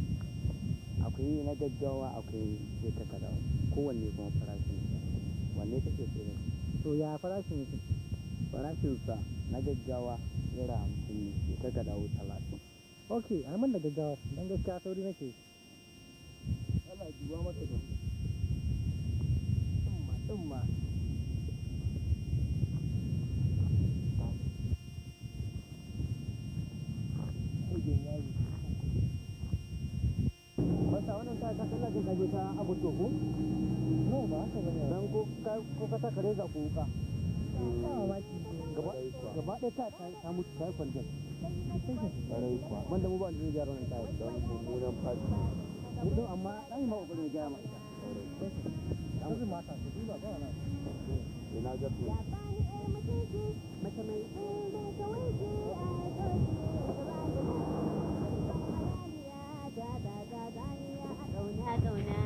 akwai na gaggawa akwai sai ta kada kowanne kuma farashin sa wanne kake so ne to ya farashin yake farashin sa na gaggawa naira hamsin ne sai ta kada talatin ok a man da gaggawa dan gaskiya sauri nake Allah ya duba masa da ma jin kaje ta abu to ko no ba haka bane dan ko ka ko ka saka reza ko ka gaba gaba ɗaya ta ta mutu ta yi kwanjan wanda mu ba da zai gyara wani tayar don mummunan fati mutum amma ɗan yi ma ne jiya ma ita ɗan mata su duba ba na ina ga ya bani ɗaya mutunci mace mai ɗaya mai kawai ji a Maradona.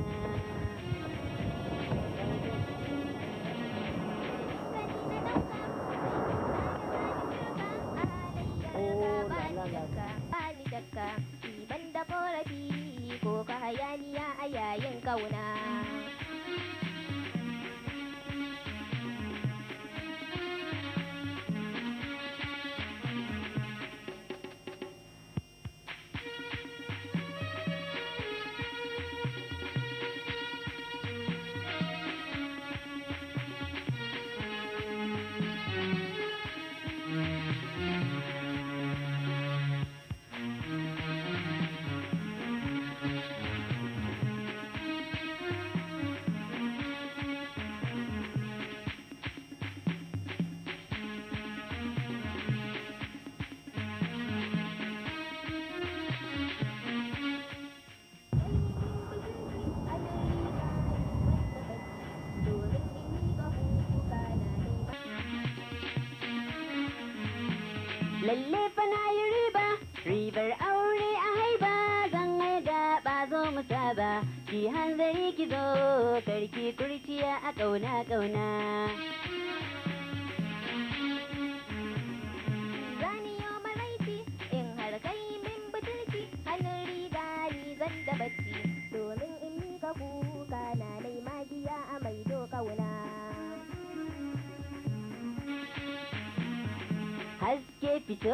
fito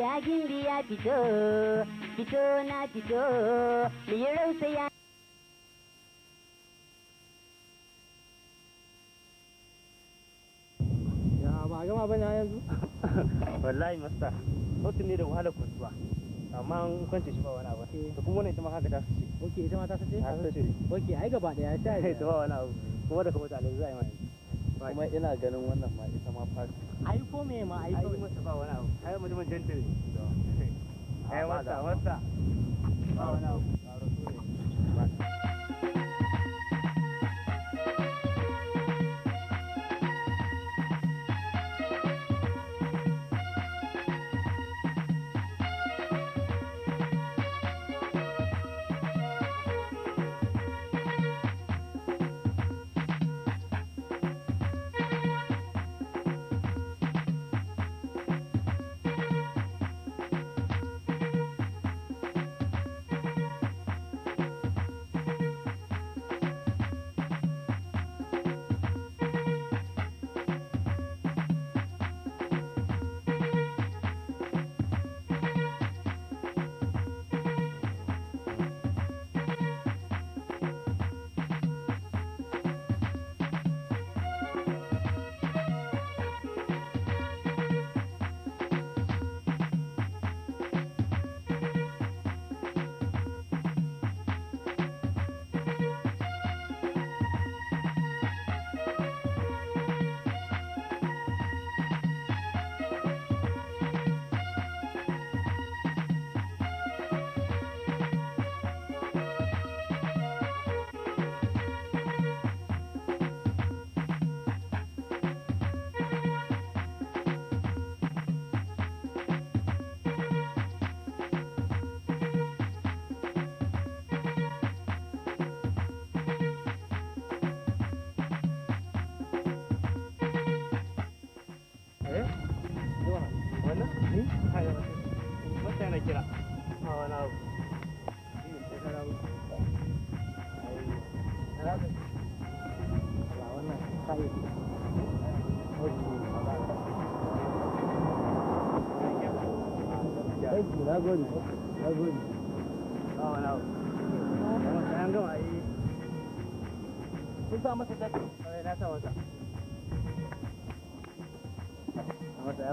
ya gindi ya fito fito na fito liyarausa ya Ya ba gama ba na yanzu wallahi masta sautin ne da wahalar kwantuwa amma an kwance shi ba wani abu Da kuma wannan ita ma haka ta sace Ok, ita ma ta sace ta sace Ok, ai gaba daya ta yi Ita ba wani abu kuma da kuma ta alai za a yi mai kuma ina ganin wannan ma ita ma fasi ai mai me ma ai kawai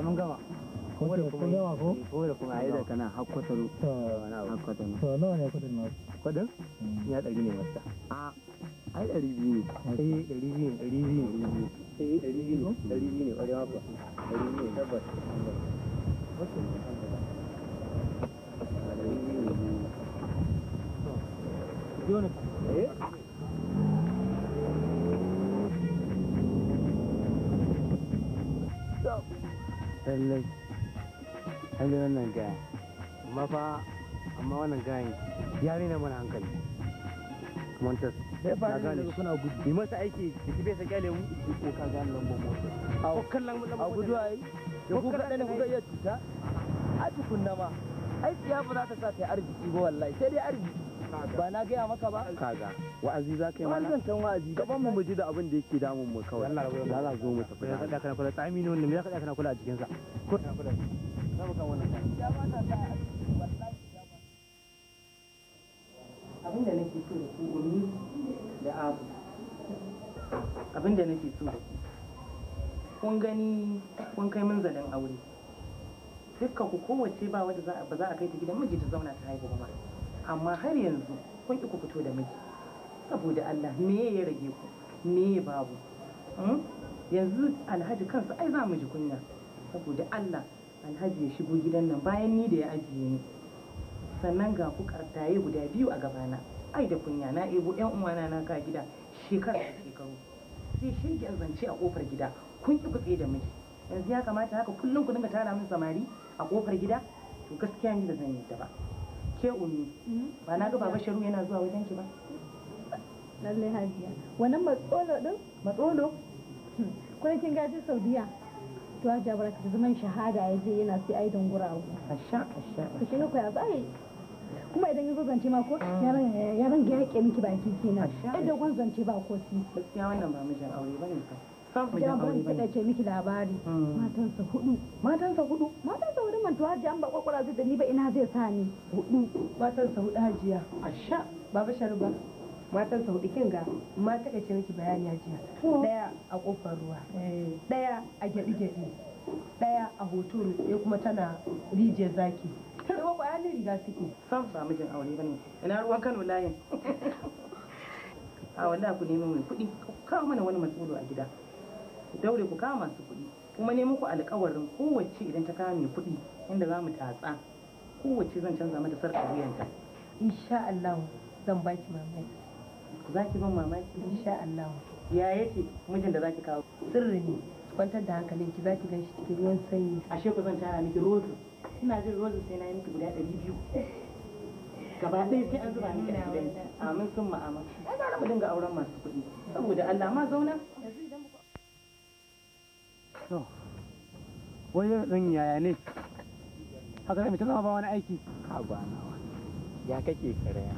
mun gama kuma gama ko ko da kuma ayi da kana hakkwataro to nawa ne kudin nasu kudin ya dari ne masa a ai dari biyu ne eh dari biyu ne dari biyu ne eh dari biyu ne dari biyu ne kwarewa ba dari biyu ne tabbas wannan gaya amma fa amma wannan gayan ya rina mana hankali montas sai ba ne kuna gudu yi masa aiki da ki bai sa kyale mu ko ka ga lambar mota a kokkan lambar mota a gudu ai da ku ga ne ku ga iya cuta a na ma ai tsiya ba za ta sa ta arziki ba wallahi sai dai arziki ba na gaya maka ba kaga wa'azi za ka yi mana wancan wa'azi gaban mu muji da abin da yake damun mu kawai Allah ya zo mu tafi da kana kula ne wannan me ya kana kula a jikin sa ko kana kula abin da nake so da ku da abu abin da nake so da ku kun gani kun kai manzalin aure dukkan ku kowace ba wadda ba za a kai ta gidan miji ta zauna ta haihu ba amma har yanzu kun ki ku fito da miji saboda Allah me ya rage ku me ya babu hmm? yanzu alhaji kansa ai za mu ji kunya saboda Allah alhaji ya shigo gidan nan bayan ni da ya ajiye ni sannan ga ku kartaye guda biyu a gabana ai da kunya na ebo yan uwana na ka gida shekara da shekaru sai shirgin zance a kofar gida kun ki kutse da miji yanzu ya kamata haka kullum ku dinga tara min samari a kofar gida to gaskiya ni da zan yi ta ba ke umi mm-hmm. ba na ga baba sharu yana zuwa wajen ki ba lallai hajiya wannan matsolo din matsolo kun kin gaji saudiya to hajiya baraka zaman shahada ya je yana sai ai dungura asha asha ki ne ko ya zai kuma idan ya zance ma ko mm. ya ran ya yake miki baki kenan ai dogon zance ba ko si gaskiya wannan ba mijin aure bane ka Jan bari ta dace miki labari mm. matansa hudu. Matansa hudu? Matansa hudu man to hajiya an ba kwakwara zai da ni ba ina zai sa ni. Hudu. Matansa hudu hajiya. Asha. Baba ba. matan sau kin ga mata ka ce miki bayani ya jiya daya a kofar ruwa daya eh. a gyaɗi gyaɗi daya a hoto ya kuma tana rijiyar zaki ta zama bayanin riga suke sam ba mijin aure bane ina ruwan Kano layin a wanda ku nemi mai kuɗi ku kawo mana wani matsalo a gida ku daure ku kama masu kuɗi kuma ne muku alƙawarin kowace idan ta kawo mai kuɗi inda za mu tatsa kowace zan canza mata sarƙar wuyanta insha Allah zan baki mamaki za ki ban mamaki insha Allah ya yake mijin da zaki kawo sirri ne kwantar da hankalin ki zaki gan shi cikin ruwan sanyi ashe ku zan tara miki rozu ina jin rozu sai na yi miki guda ɗari biyu gaba ɗaya sai an zuba miki a gidan amin sun ma'ama ai ba mu dinga auren masu kuɗi saboda Allah ma zauna to wai ɗin yaya ne haka zai mutum ba wani aiki ha ba ya kake karaya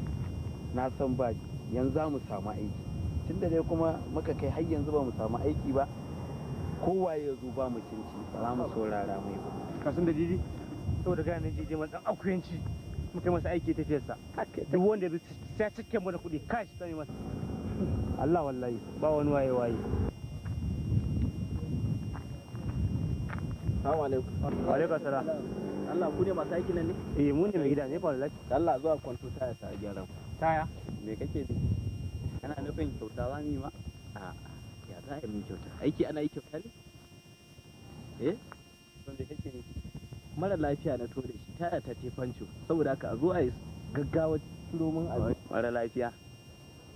na san baki yanzu za mu samu aiki tun da dai kuma muka kai har yanzu ba mu samu aiki ba kowa ya zo ba mu cinci za mu saurara mai ba kasan da jiji saboda gane jiji mai dan akuyanci muka masa aiki sa duk wanda ya cike mana kuɗi kashi sami masa Allah wallahi ba wani waye waye Assalamu alaikum. Wa alaikum assalam. Allah ku ne masu aiki nan ne? Eh mu ne mai gida ne fa Allah zuwa kwanta ta ya sa gyara ku. taya me kake ji kana nufin kyauta ba ni ma a ya za a min kyauta aiki ana yi kyauta ne eh to me kake ni? mara lafiya na to da shi taya ta ce fanco saboda haka a zo a yi gaggawa ciro min a mara lafiya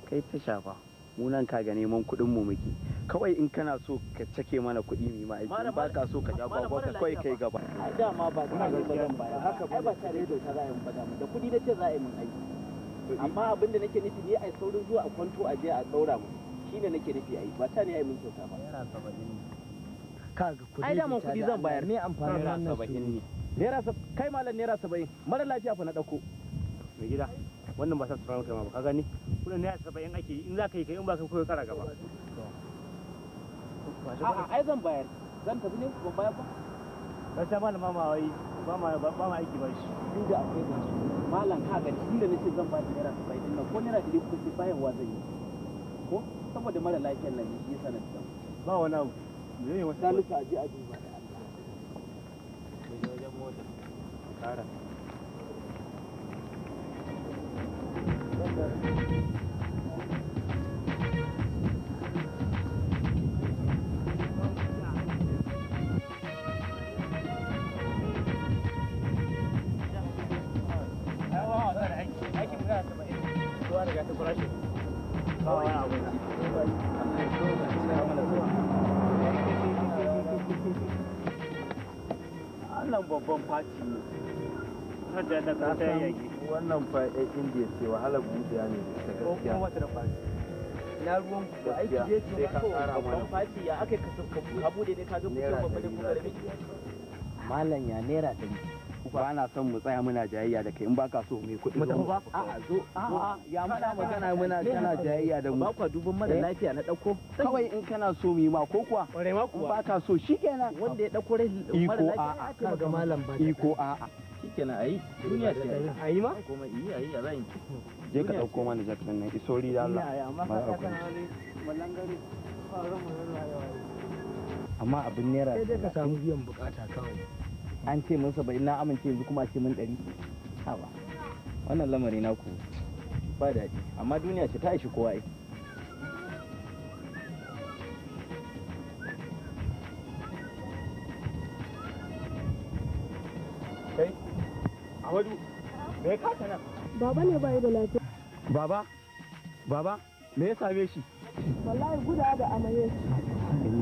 kai ta shafa mu nan ka ga neman kuɗin mu muke kawai in kana so ka cake mana kuɗi mai ma aiki ba ka so ka ja ba ka kai kai gaba a dama ba ta ba zan baya haka ba ba tare da ta za a yi ba da kuɗi da ce za a yi min aiki amma abin da nake nufi ne a saurin zuwa a kwanto a je a ɗaura mu shine nake nufi ai ba ta ne ai mun kyauta ba naira 70 kaga kuɗi ai da mun kudi zan bayar ne amfani wannan 70 ne naira kai malam naira 70 mara lafiya fa na dauko mai gida wannan ba sa tsoron kai ba ka gani kuɗin naira 70 ake in za ka yi kai in ba ka koyo kara gaba a'a ai zan bayar zan tafi ne ban bayar ba gaskiya malam ma wai ba ma ba ma aiki ba shi inda akwai ba malam ka ga inda nace zan ba ki naira ko naira 100 kuke bayan yi ko saboda mara lafiyar nan shi yasa na ba wani abu me yayi wata lissa aje a duba da Allah wajen mota kara Thank you. aljanna ko ta yaki wannan eh, indiya ce wahalar buɗiya ne ta gaskiya da na ruwan ku aiki je ko babban ya aka ka sauka ne ka zo babban da malam ya naira ɗari ba na son mu tsaya muna jayayya da kai in baka so mai kuɗi ba a zo a ya muna magana muna kana jayayya da mu ba kwa duban mara eh? lafiya na dauko kawai in kana so mu ma ko kuwa baka so shikenan wanda ya dauko rai mara lafiya iko a a shikenan ayi duniya ce ayi ma kuma ayi a zan je ka dauko mana jakan nan isori da Allah ma ka kan malangare amma abin nera sai dai ka samu biyan bukata kawai an ce mun saba'in na amince yanzu kuma a ce mun ɗari wannan lamari naku ba daɗi amma duniya ce ta ishi kowa ai Amadu, me ka ta nan? Baba ne bai da lafiya. Baba? Baba, me ya same shi? Wallahi guda da amaye shi.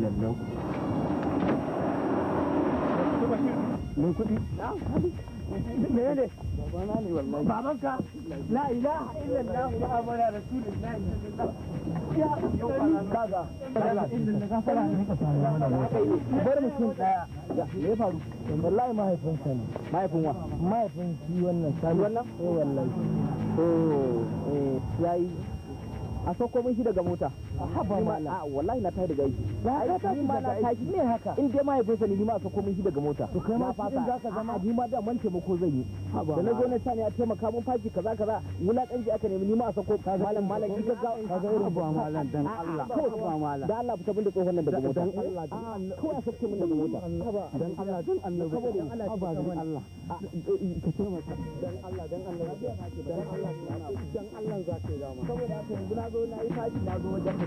nan. Mun kudi? Na, kudi. mene mutum daya me ya faru wallahi mahaifin sa ne mahaifin wa mahaifin shi wannan wannan eh wallahi oh, eh yayi a sako mun shi daga mota haba mala a wallahi na tayi daga aiki ya ka ta ma na tayi me haka in dai mahaifinsa ne ni ma sako shi daga mota to kai ma in za ka zama ni ma da man taimako zan yi da na zo na sani ya taimaka mun faki kaza kaza wulakanci aka nemi ni ma sako malam malam ki gaggawa kaga irin ba malam dan Allah ko ba malam dan Allah fita bin da tsohon nan daga mota dan Allah ko ya sako min daga mota dan Allah dan Allah dan Allah dan Allah taimaka dan Allah dan Allah dan Allah dan Allah za ka yi dama saboda haka na zo na yi faki na zo wajen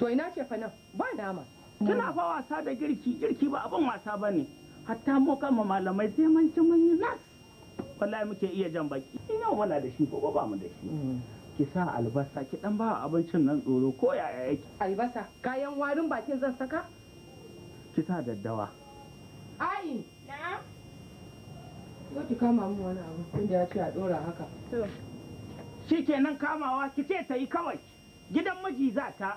to ina ce fa nan ba dama kina hmm. fa wasa da girki girki ba abin wasa ba ne hatta mu kama malamai sai mun ci mun yi nas wallahi muke iya jan baki Ina yau da shi ko ba mu da shi hmm. ki sa albasa ki dan ba abincin nan tsoro ko yaya yake albasa kayan warin bakin zan saka ki sa daddawa ai na. yau ki kama mu wani abu tunda ya ce a dora haka to shikenan kamawa ki ce ta yi kawai gidan miji za ta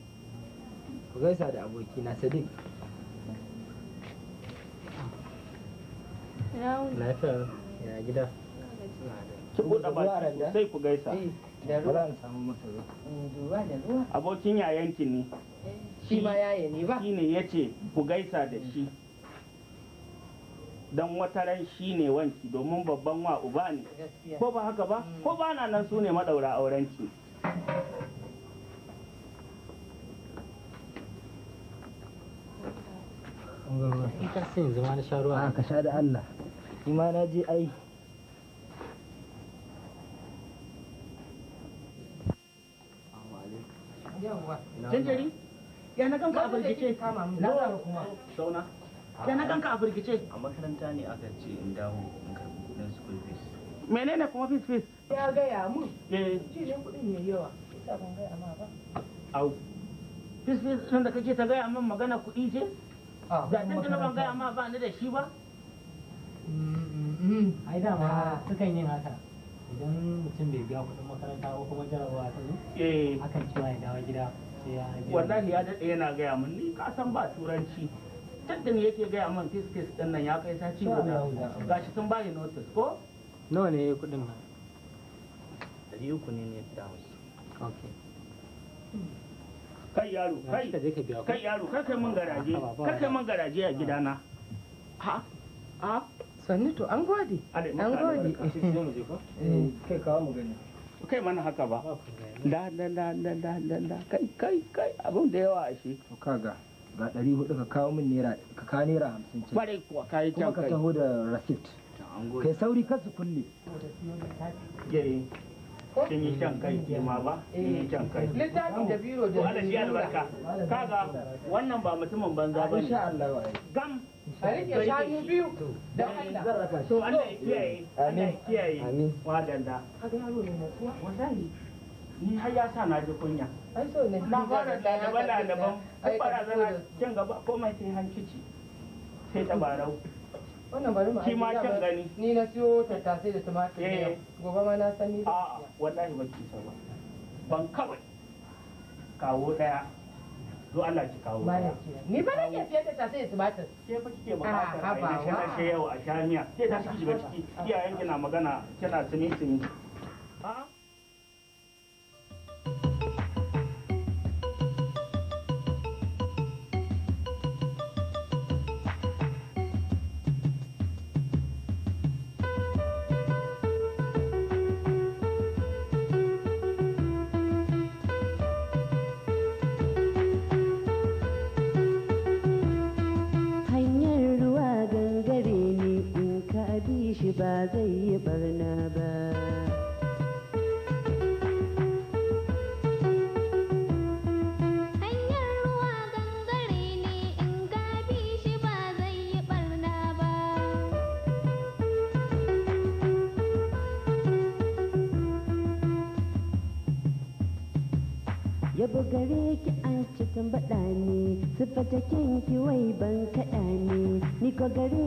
ku gaisa da abokina sadiq ya gida ki buɗe baki sai ku gaisa eh, da samu masa eh, ruwa abokin yayanki ne eh, shi ma yaye ne ba shine yace ku gaisa da shi dan ran shi ne wanki domin babban wa uba ne ko ba haka ba mm. ko ba na nan su ne madaura aurenki ka sha da Allah na je ai ya na a makaranta ne aka ce in in Menene kuma fis-fis? Ya gaya mun. Eh. ne kudin yayi yawa. Ita ban gaya ma ba. Au. fis fees da kake ta gaya min magana kuɗi ce? zaɓen da na ban gaya ma ba ni da shi ba ai dama ah. sukan yin haka idan mutum bai biya kuɗin makaranta ko kuma jarabawa ta zo eh. akan cewa ya dawo gida wallahi ya daɗe yana gaya min ni ka san ba turanci tattalin yake gaya min fiskis ɗin nan ya kai sati guda gashi sun bani notis ko nawa ne kuɗin nan ɗari uku ne ne da ok kai yaro kai kai yaro kai kai mun garaje kai kai mun garaje a gidana ha ha sanni to an gode an gode eh. Eh, kai kawo mu gani kai mana haka ba da da da da da da da kai kai kai abun da yawa a shi kaga ga ɗari hudu ka kawo min naira ka kawo naira hamsin ce bare kuwa kayi can kai kuma ka taho da rasit kai sauri kasu kulle kin yi shan kai ma ba eh. kin yi shan kai littafi da biro da Allah shi albarka kaga wannan ba mutumin banza ba insha Allah gam a rike shanu biyu da Allah to Allah ya kiyaye Allah ya kiyaye amin wadanda kaga yaro ne kuwa wallahi ni har ya sa na ji kunya na fara lalaban lalaban duk barazana can gaba komai sai hankici sai tabarau wannan bari shi ma kin gani ni na siyo tattasai da tumatir ne eh. gobe ma na san ni a wallahi ba ki san ba ban kawai kawo daya zo Allah ki kawo daya ni ba nake siyo tattasai da tumatir ke fa kike magana ka shi na shi yau a shamiya ke shi ciki iyayen kina magana kina tuni tuni fata kyanki wai ban kaɗa ne ni ko gare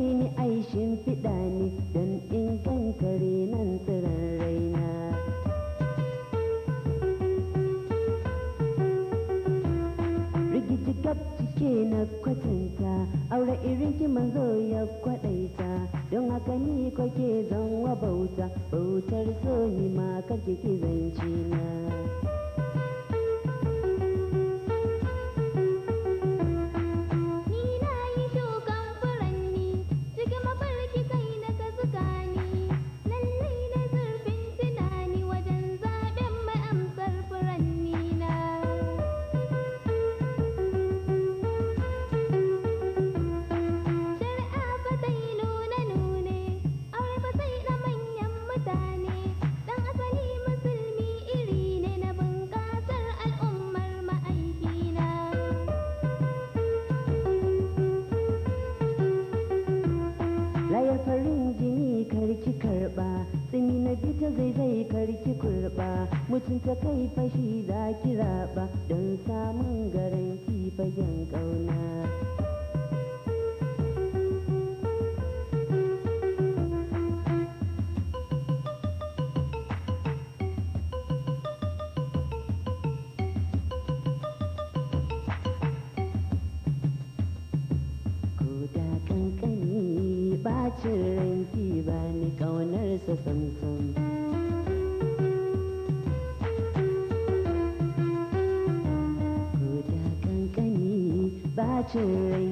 te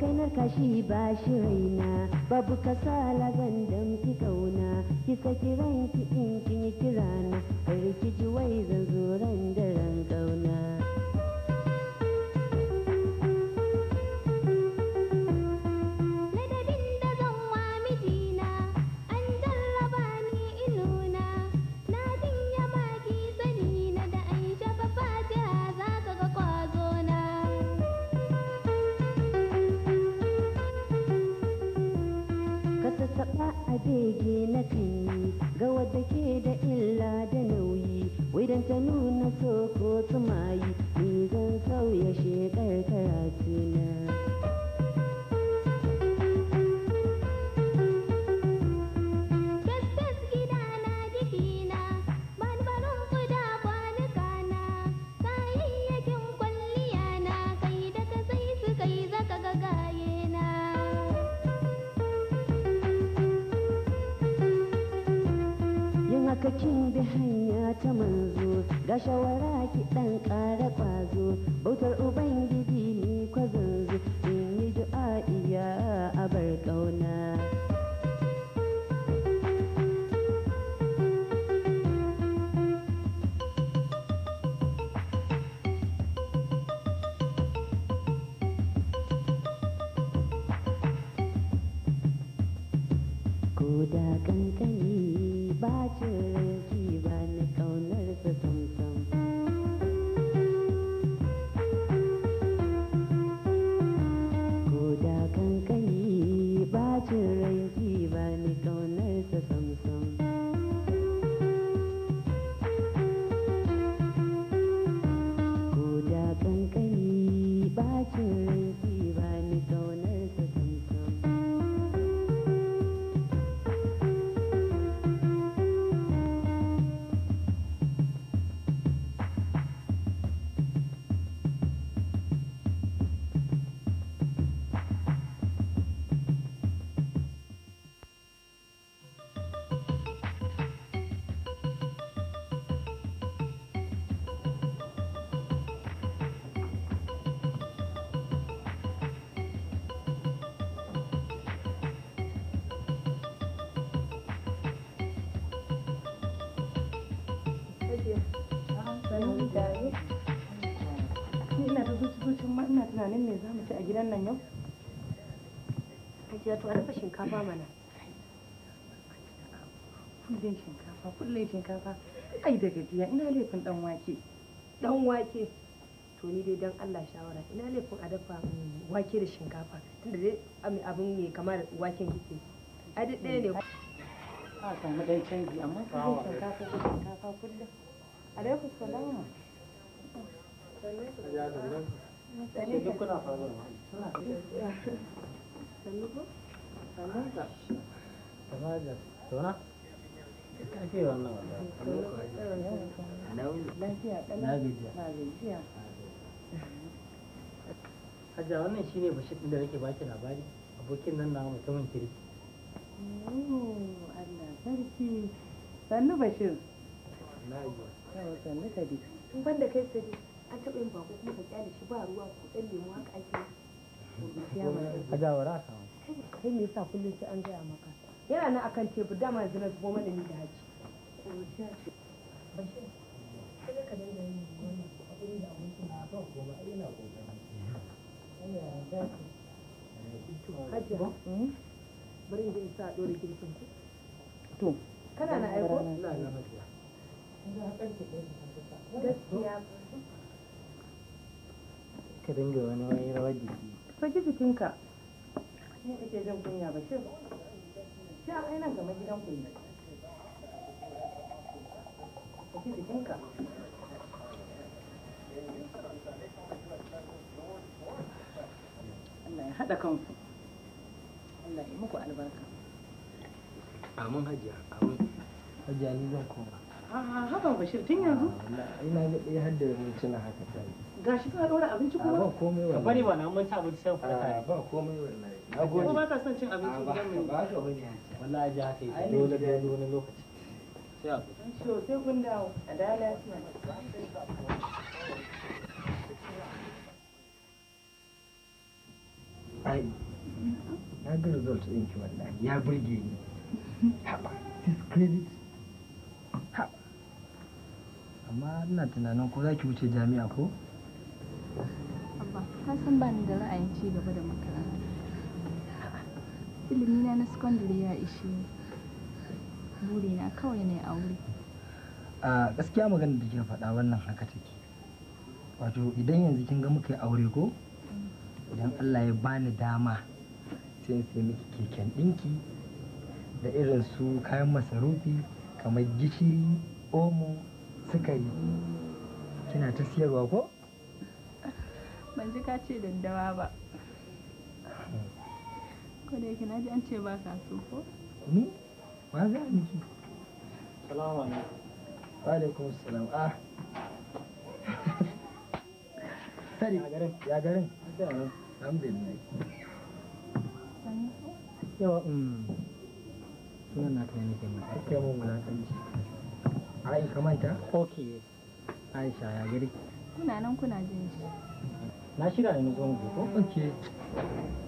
kai na kashi ba shi raina babu kasala zan damki kauna ki saki ranki in kin kirana ki ji wai zan zo ran da ran kauna shinkafa mana kullum shinkafa kullum shinkafa ai da gajiya ina laifin dan wake dan wake to ni dai dan Allah shawara ina laifin a dafa wake da shinkafa tunda dai abin ne kama da waken kike duk ɗaya ne a samu dan canji amma shinkafa da shinkafa kullum alaikum zauna kake wannan wannan hajja wannan shi ne din da nake baki labari abokin nan na mutumin kirki Allah sarki sannu bashir sannu kadi ban da kai sadi an taɓa yin bako kuma ka kyale shi ba ruwa ko ɗan lemu haka ake hajja wa rasa kai me yasa kullum sai an gaya maka yana nan akan tebu dama yanzu na zubo mana ni da haji hmm? bari in je in sa ɗore ku. To. Kana na aiko? Ka dinga wani wani rawar jiki. Saki jikinka. A'a, kunya ba shi shi a gidan kunya jikinka Allah ya haɗa kanku Allah ya muku albarka amin hajiya amin hajiya ni zan koma ah, haka bashir tun yanzu ah, ina ga ɗaya haka ta gashi ɗora abinci kuma ah, ba komai wallahi ka bari mun abinci sai ku ta ba komai ko ba ka son cin abinci gidan mu ba ka bane wallahi ji haka yake dole da dole wani lokaci sai a so sai kun dawo a da ai na ga result ɗin ki wallahi ya burge ni haba discredit amma ina tunanin ko za ki wuce jami'a ko? Abba, ka san ba ni da ra'ayin ci gaba da makaranta. ilimina na secondary ya ishe burina kawai ne aure a gaskiya magana da kika faɗa wannan haka take wato idan yanzu kin ga muka yi aure ko idan Allah ya bani dama sai sai miki keken ɗinki da irin su kayan masarufi kamar gishiri omo sukari kina ta siyarwa ko ban ji ka ce daddawa ba ko da yake na ji an ce ba ka so ko ni ba za a miki salamu alaikum wa alaikum salam ah ya garin ya garin alhamdulillah yawa um sunan na kai nake ne mun ai ka manta okay Aisha ya gari kuna nan kuna jin shi na shirya ne zo mu ko okay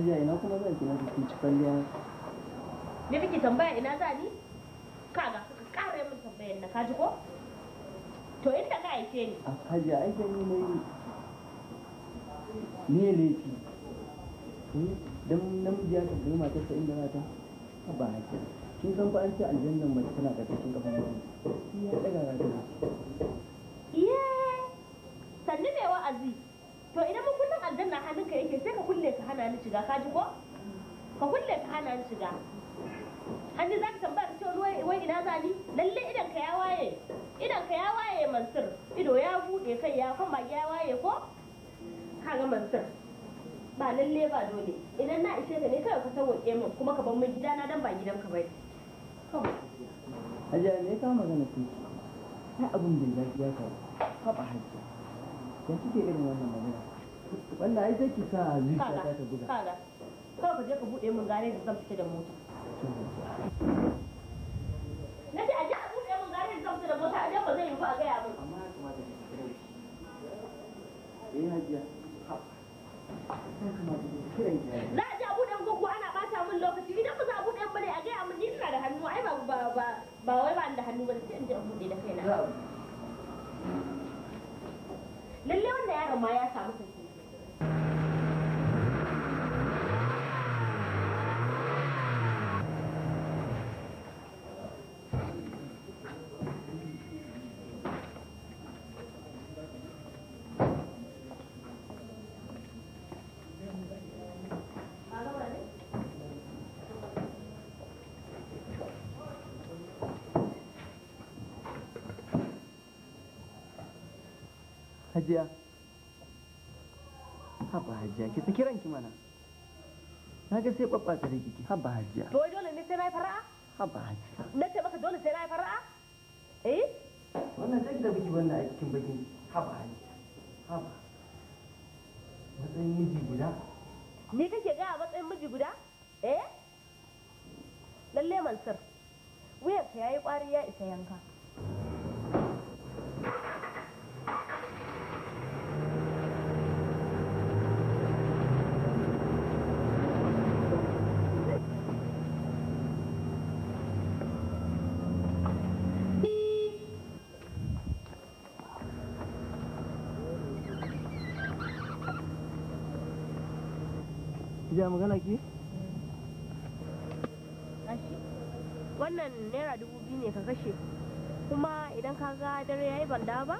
jiya ina kuma zan ki na ki ci kwalliya ne miki tambaya ina za ni Ka ga suka kare min tambayar na ka ji ko to inda ka aike ni a ah, kaji ai kan yi mai ne laifi hmm? dan namiji ya matar matarsa inda za ta ah, ba hajiya kin san ba an ce aljannan mace tana karkashin kafan mutum ya ɗaga ga ta iya sannu mai wa'azi to idan wannan hannunka yake sai ka kulle ka hana ni shiga ka ji ko ka kulle ka hana ni shiga hannu za ka tambaya ka ce wai ina za ni lalle idan ka ya waye idan ka ya waye mansur ido ya bude kai ya kan ya waye ko ka ga mansur ba lalle ba dole idan na ishe ka ne kawai ka sauwaƙe min kuma ka bar min gidana dan ba gidanka ba Hajiya me ne kawo magana ce? sai abin da ya faru. Haɓa hajiya. don kike irin wannan magana? wanda ai take sa zuciya ta ta buga kaga kawai ka je ka bude mun gare da zan fita da mota na ce aje a bude mun gare da zan fita da mota aje ba zai yi ba a gaya min amma ya kamata ka fita da shi eh hajiya za a je a bude min gugu ana bata mun lokaci idan ba za a bude mun bane a gaya mun ni ina da hannu ai ba ba ba ba wai ba da hannu ba sai in je a bude da kaina lalle wanda yaron ma ya samu kansa hajiya haba hajiya ki saki ranki mana na ga sai ɓaɓɓata rikiki haba hajiya to dole ne sai na yi fara'a haba hajiya na ce maka dole sai na yi fara'a eh wannan duk da biki wannan a cikin bakin haba hajiya haba matsayin miji guda ni kake ga matsayin miji guda eh lalle mansur wuyanka yayi kwari ya isa yanka hajiya magana ke wannan naira dubu biyu ne ka kashe kuma idan ka ga dare yayi ban da ba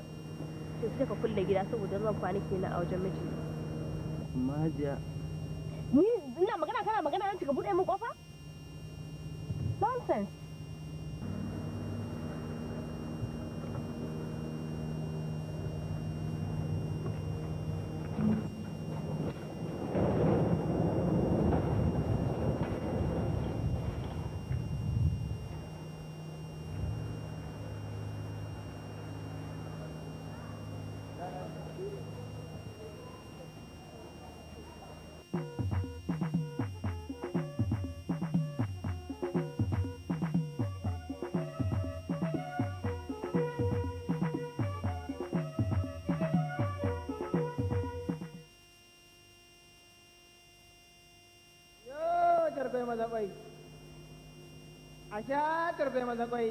to sai ka kulle gida saboda zan kwana kenan a wajen miji amma ni ina magana kana magana nan ka bude min kofa nonsense tarbe maza kwai a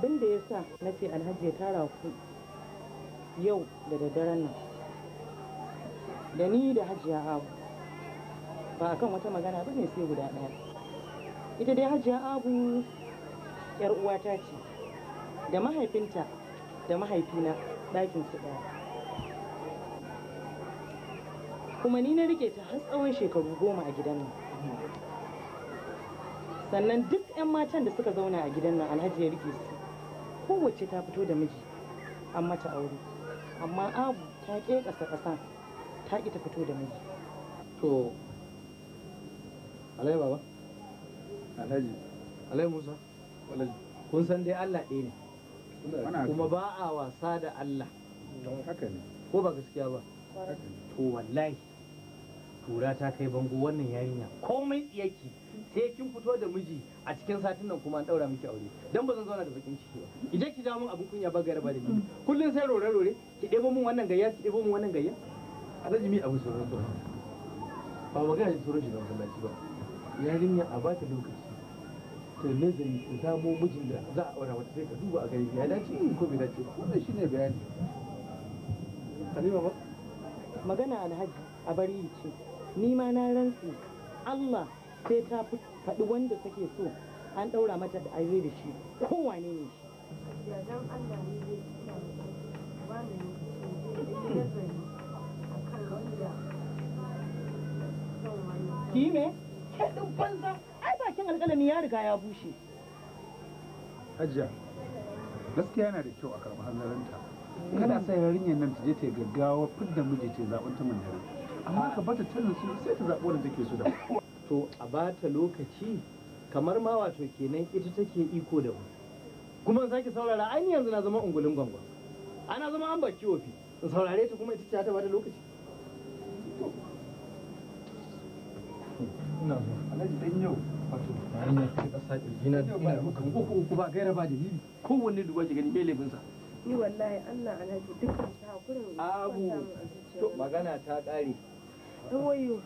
abin da ya sa na ce alhaji ya tara ku yau da daddaren nan da ni da hajiya abu ba a kan wata magana ba ne sai guda ɗaya ita dai hajiya abu yar uwata ce da mahaifinta da mahaifina ɗakin su ɗaya kuma ni na rike ta har tsawon shekaru goma a gidan nan sannan duk 'yan matan da suka zauna a gidan nan alhaji ya rike su kowace ta fito da miji an mata aure amma abu ta ke ƙasa ƙasa ta ita ta fito da miji to alai baba alhaji alai musa alhaji kun san dai allah ɗaya ne kuma ba a wasa da allah ko ba gaskiya ba to wallahi tura ta kai bango wannan yarinya komai iyaki sai kin fito da miji a cikin satin nan kuma an daura miki aure dan ba zan zauna da bakin ciki ba idan ki ja mun abin kunya ba gare ba da ni kullun sai rore rore ki debo mun wannan gayya ki debo mun wannan gayya alhaji mi abu sauran sauran ba Ba magana shi sauran shi da masallaci ba yarinya a ba ta lokaci ta nazari ta samo mijin da za a aura wata sai ka duba a gari ya dace ko bai dace ba wannan shine bayani halima ba magana alhaji a bari ce ni ma na rantsi Allah sai ta fito faɗi wanda take so an ɗaura mata da aure da shi ko wane ne shi ki banza ai bakin alƙalami ya riga ya bushe hajiya gaskiya yana da kyau a karɓi hanzarinta kada sai yarinyar nan ta je ta gaggawa fidda miji ce zaɓen ta amma ka bata ta sai ta zaɓi wanda take so da to a ba ta lokaci kamar ma wato kenan ita take iko da mu kuma sake saurara an yanzu na zama ungulin gwangwa ana zama an baki wofi in saurare ta kuma ita ce ta ba ta lokaci ina zo alhaji dan yau wato bayan ya ta kasa kirgina ina da mukan uku uku ba gaira ba dalili kowanne duba ki gani me laifinsa ni wallahi Allah alhaji dukkan ta kurin abu to magana ta kare dan wayo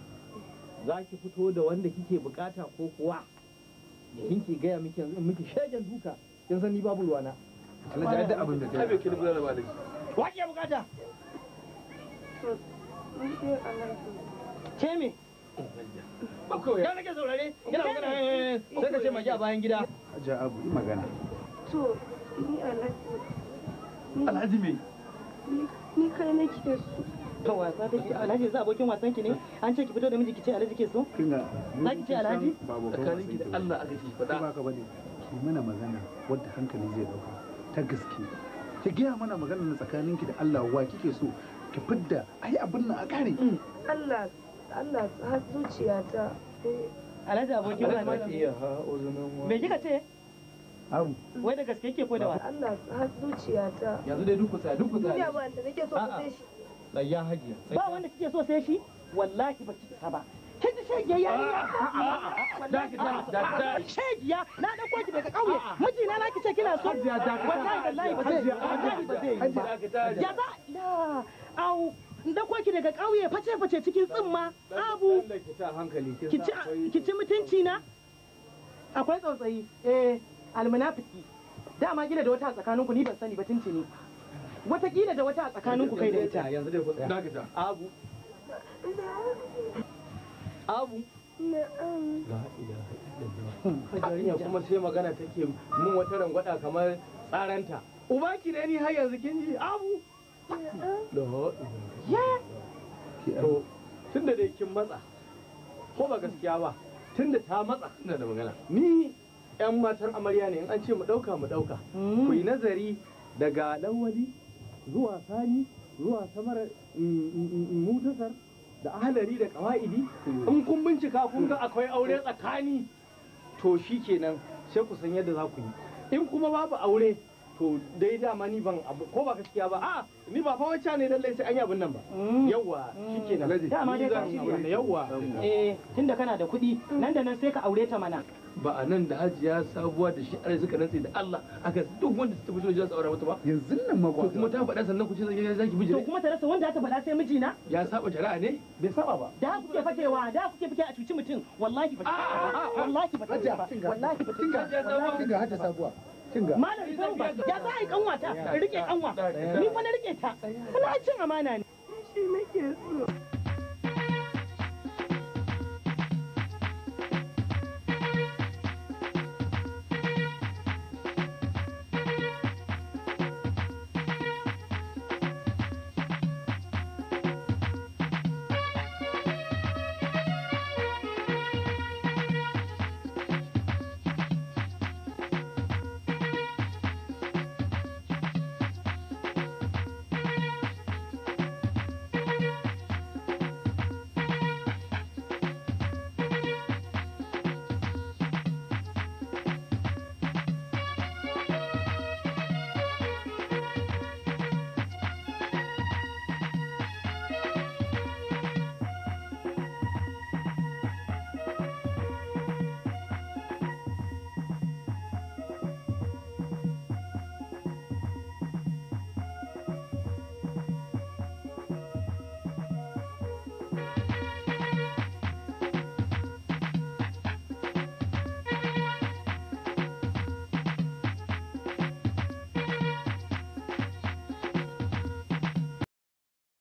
za ki fito da wanda kike bukata ko kuwa jikin ki gaya miki yanzu in miki shegen duka kin san ni babu ruwana Allah ya yarda abin da kai ki da ba wa ke bukata ce me ya nake saurare yana magana eh, eh, sai ka ce magi a bayan gida aja abu yi magana to ni alhaji alhaji me ni kai nake so to wasa take alhaji za abokin wasan ki ne an ce ki fito da miji ki ce alhaji ke so za ki ce alhaji tsakanin ki da Allah aka ce faɗa ba ka bane ki mana magana wanda hankali zai dauka ta gaske ki gaya mana magana na tsakanin ki da Allah wa kike so ki fidda ai abin nan a kare mm. Allah Allah alhaji abokin me kika ce Abu. Wai da gaske ke ko da wa? Allah Yanzu dai duk kusa duk kusa. Duniya ba da nake so ku sai shi. tsaya hajiya ba wanda kike so sai shi wallahi ba ki isa ba kin shege ya yi ya shegiya na dan koki daga kauye miji na naki ce kina so wallahi wallahi ba zai wallahi ba ya za la au da koki daga kauye face face cikin tsimma abu ki ci mutunci na akwai tsautsayi eh almunafiki dama gina da wata tsakaninku ni ban sani ba tuntuni watakila da wata a tsakaninku kai da ita yanzu dai ku tsaya abu abu na'am kuma sai magana take mun wata rangwada kamar tsaranta uba ki da ni har yanzu kin ji abu to tunda dai kin matsa ko ba gaskiya ba tunda ta matsa ina da magana ni yan matan amarya ne in an ce mu dauka mu dauka hmm. ku yi nazari daga lawali zuwa sani zuwa samar mm, mm, mm, mutasar da ahalari da kawa'idi hmm. in kun bincika kun ga akwai aure tsakani to shi kenan sai ku san yadda za ku yi in kuma babu aure to dai dama ni ban abu ko ba gaskiya ba a'a ni ba fa wacce ne lalle sai an yi abin nan ba hmm. yawa hmm. shikenan dama dai ka shirya yawa eh tunda kana da kuɗi nan da nan sai ka aure ta mana ba a nan da hajiya sabuwa da shi arai suka rantsi da Allah aka duk wanda ta tafi za su aure mata ba yanzu nan ma ko kuma ta faɗa sannan ku ce zai zaki miji to kuma ta rasa wanda ta faɗa sai miji na ya saba shari'a ne bai saba ba da kuke fakewa da kuke fike a cuci mutum wallahi ba ah! wallahi ba wallahi ba kinga hajiya sabuwa kinga malam tamba ya za a yi ta rike kanwa ni fa na rike ta kuma cin amana ne shi nake so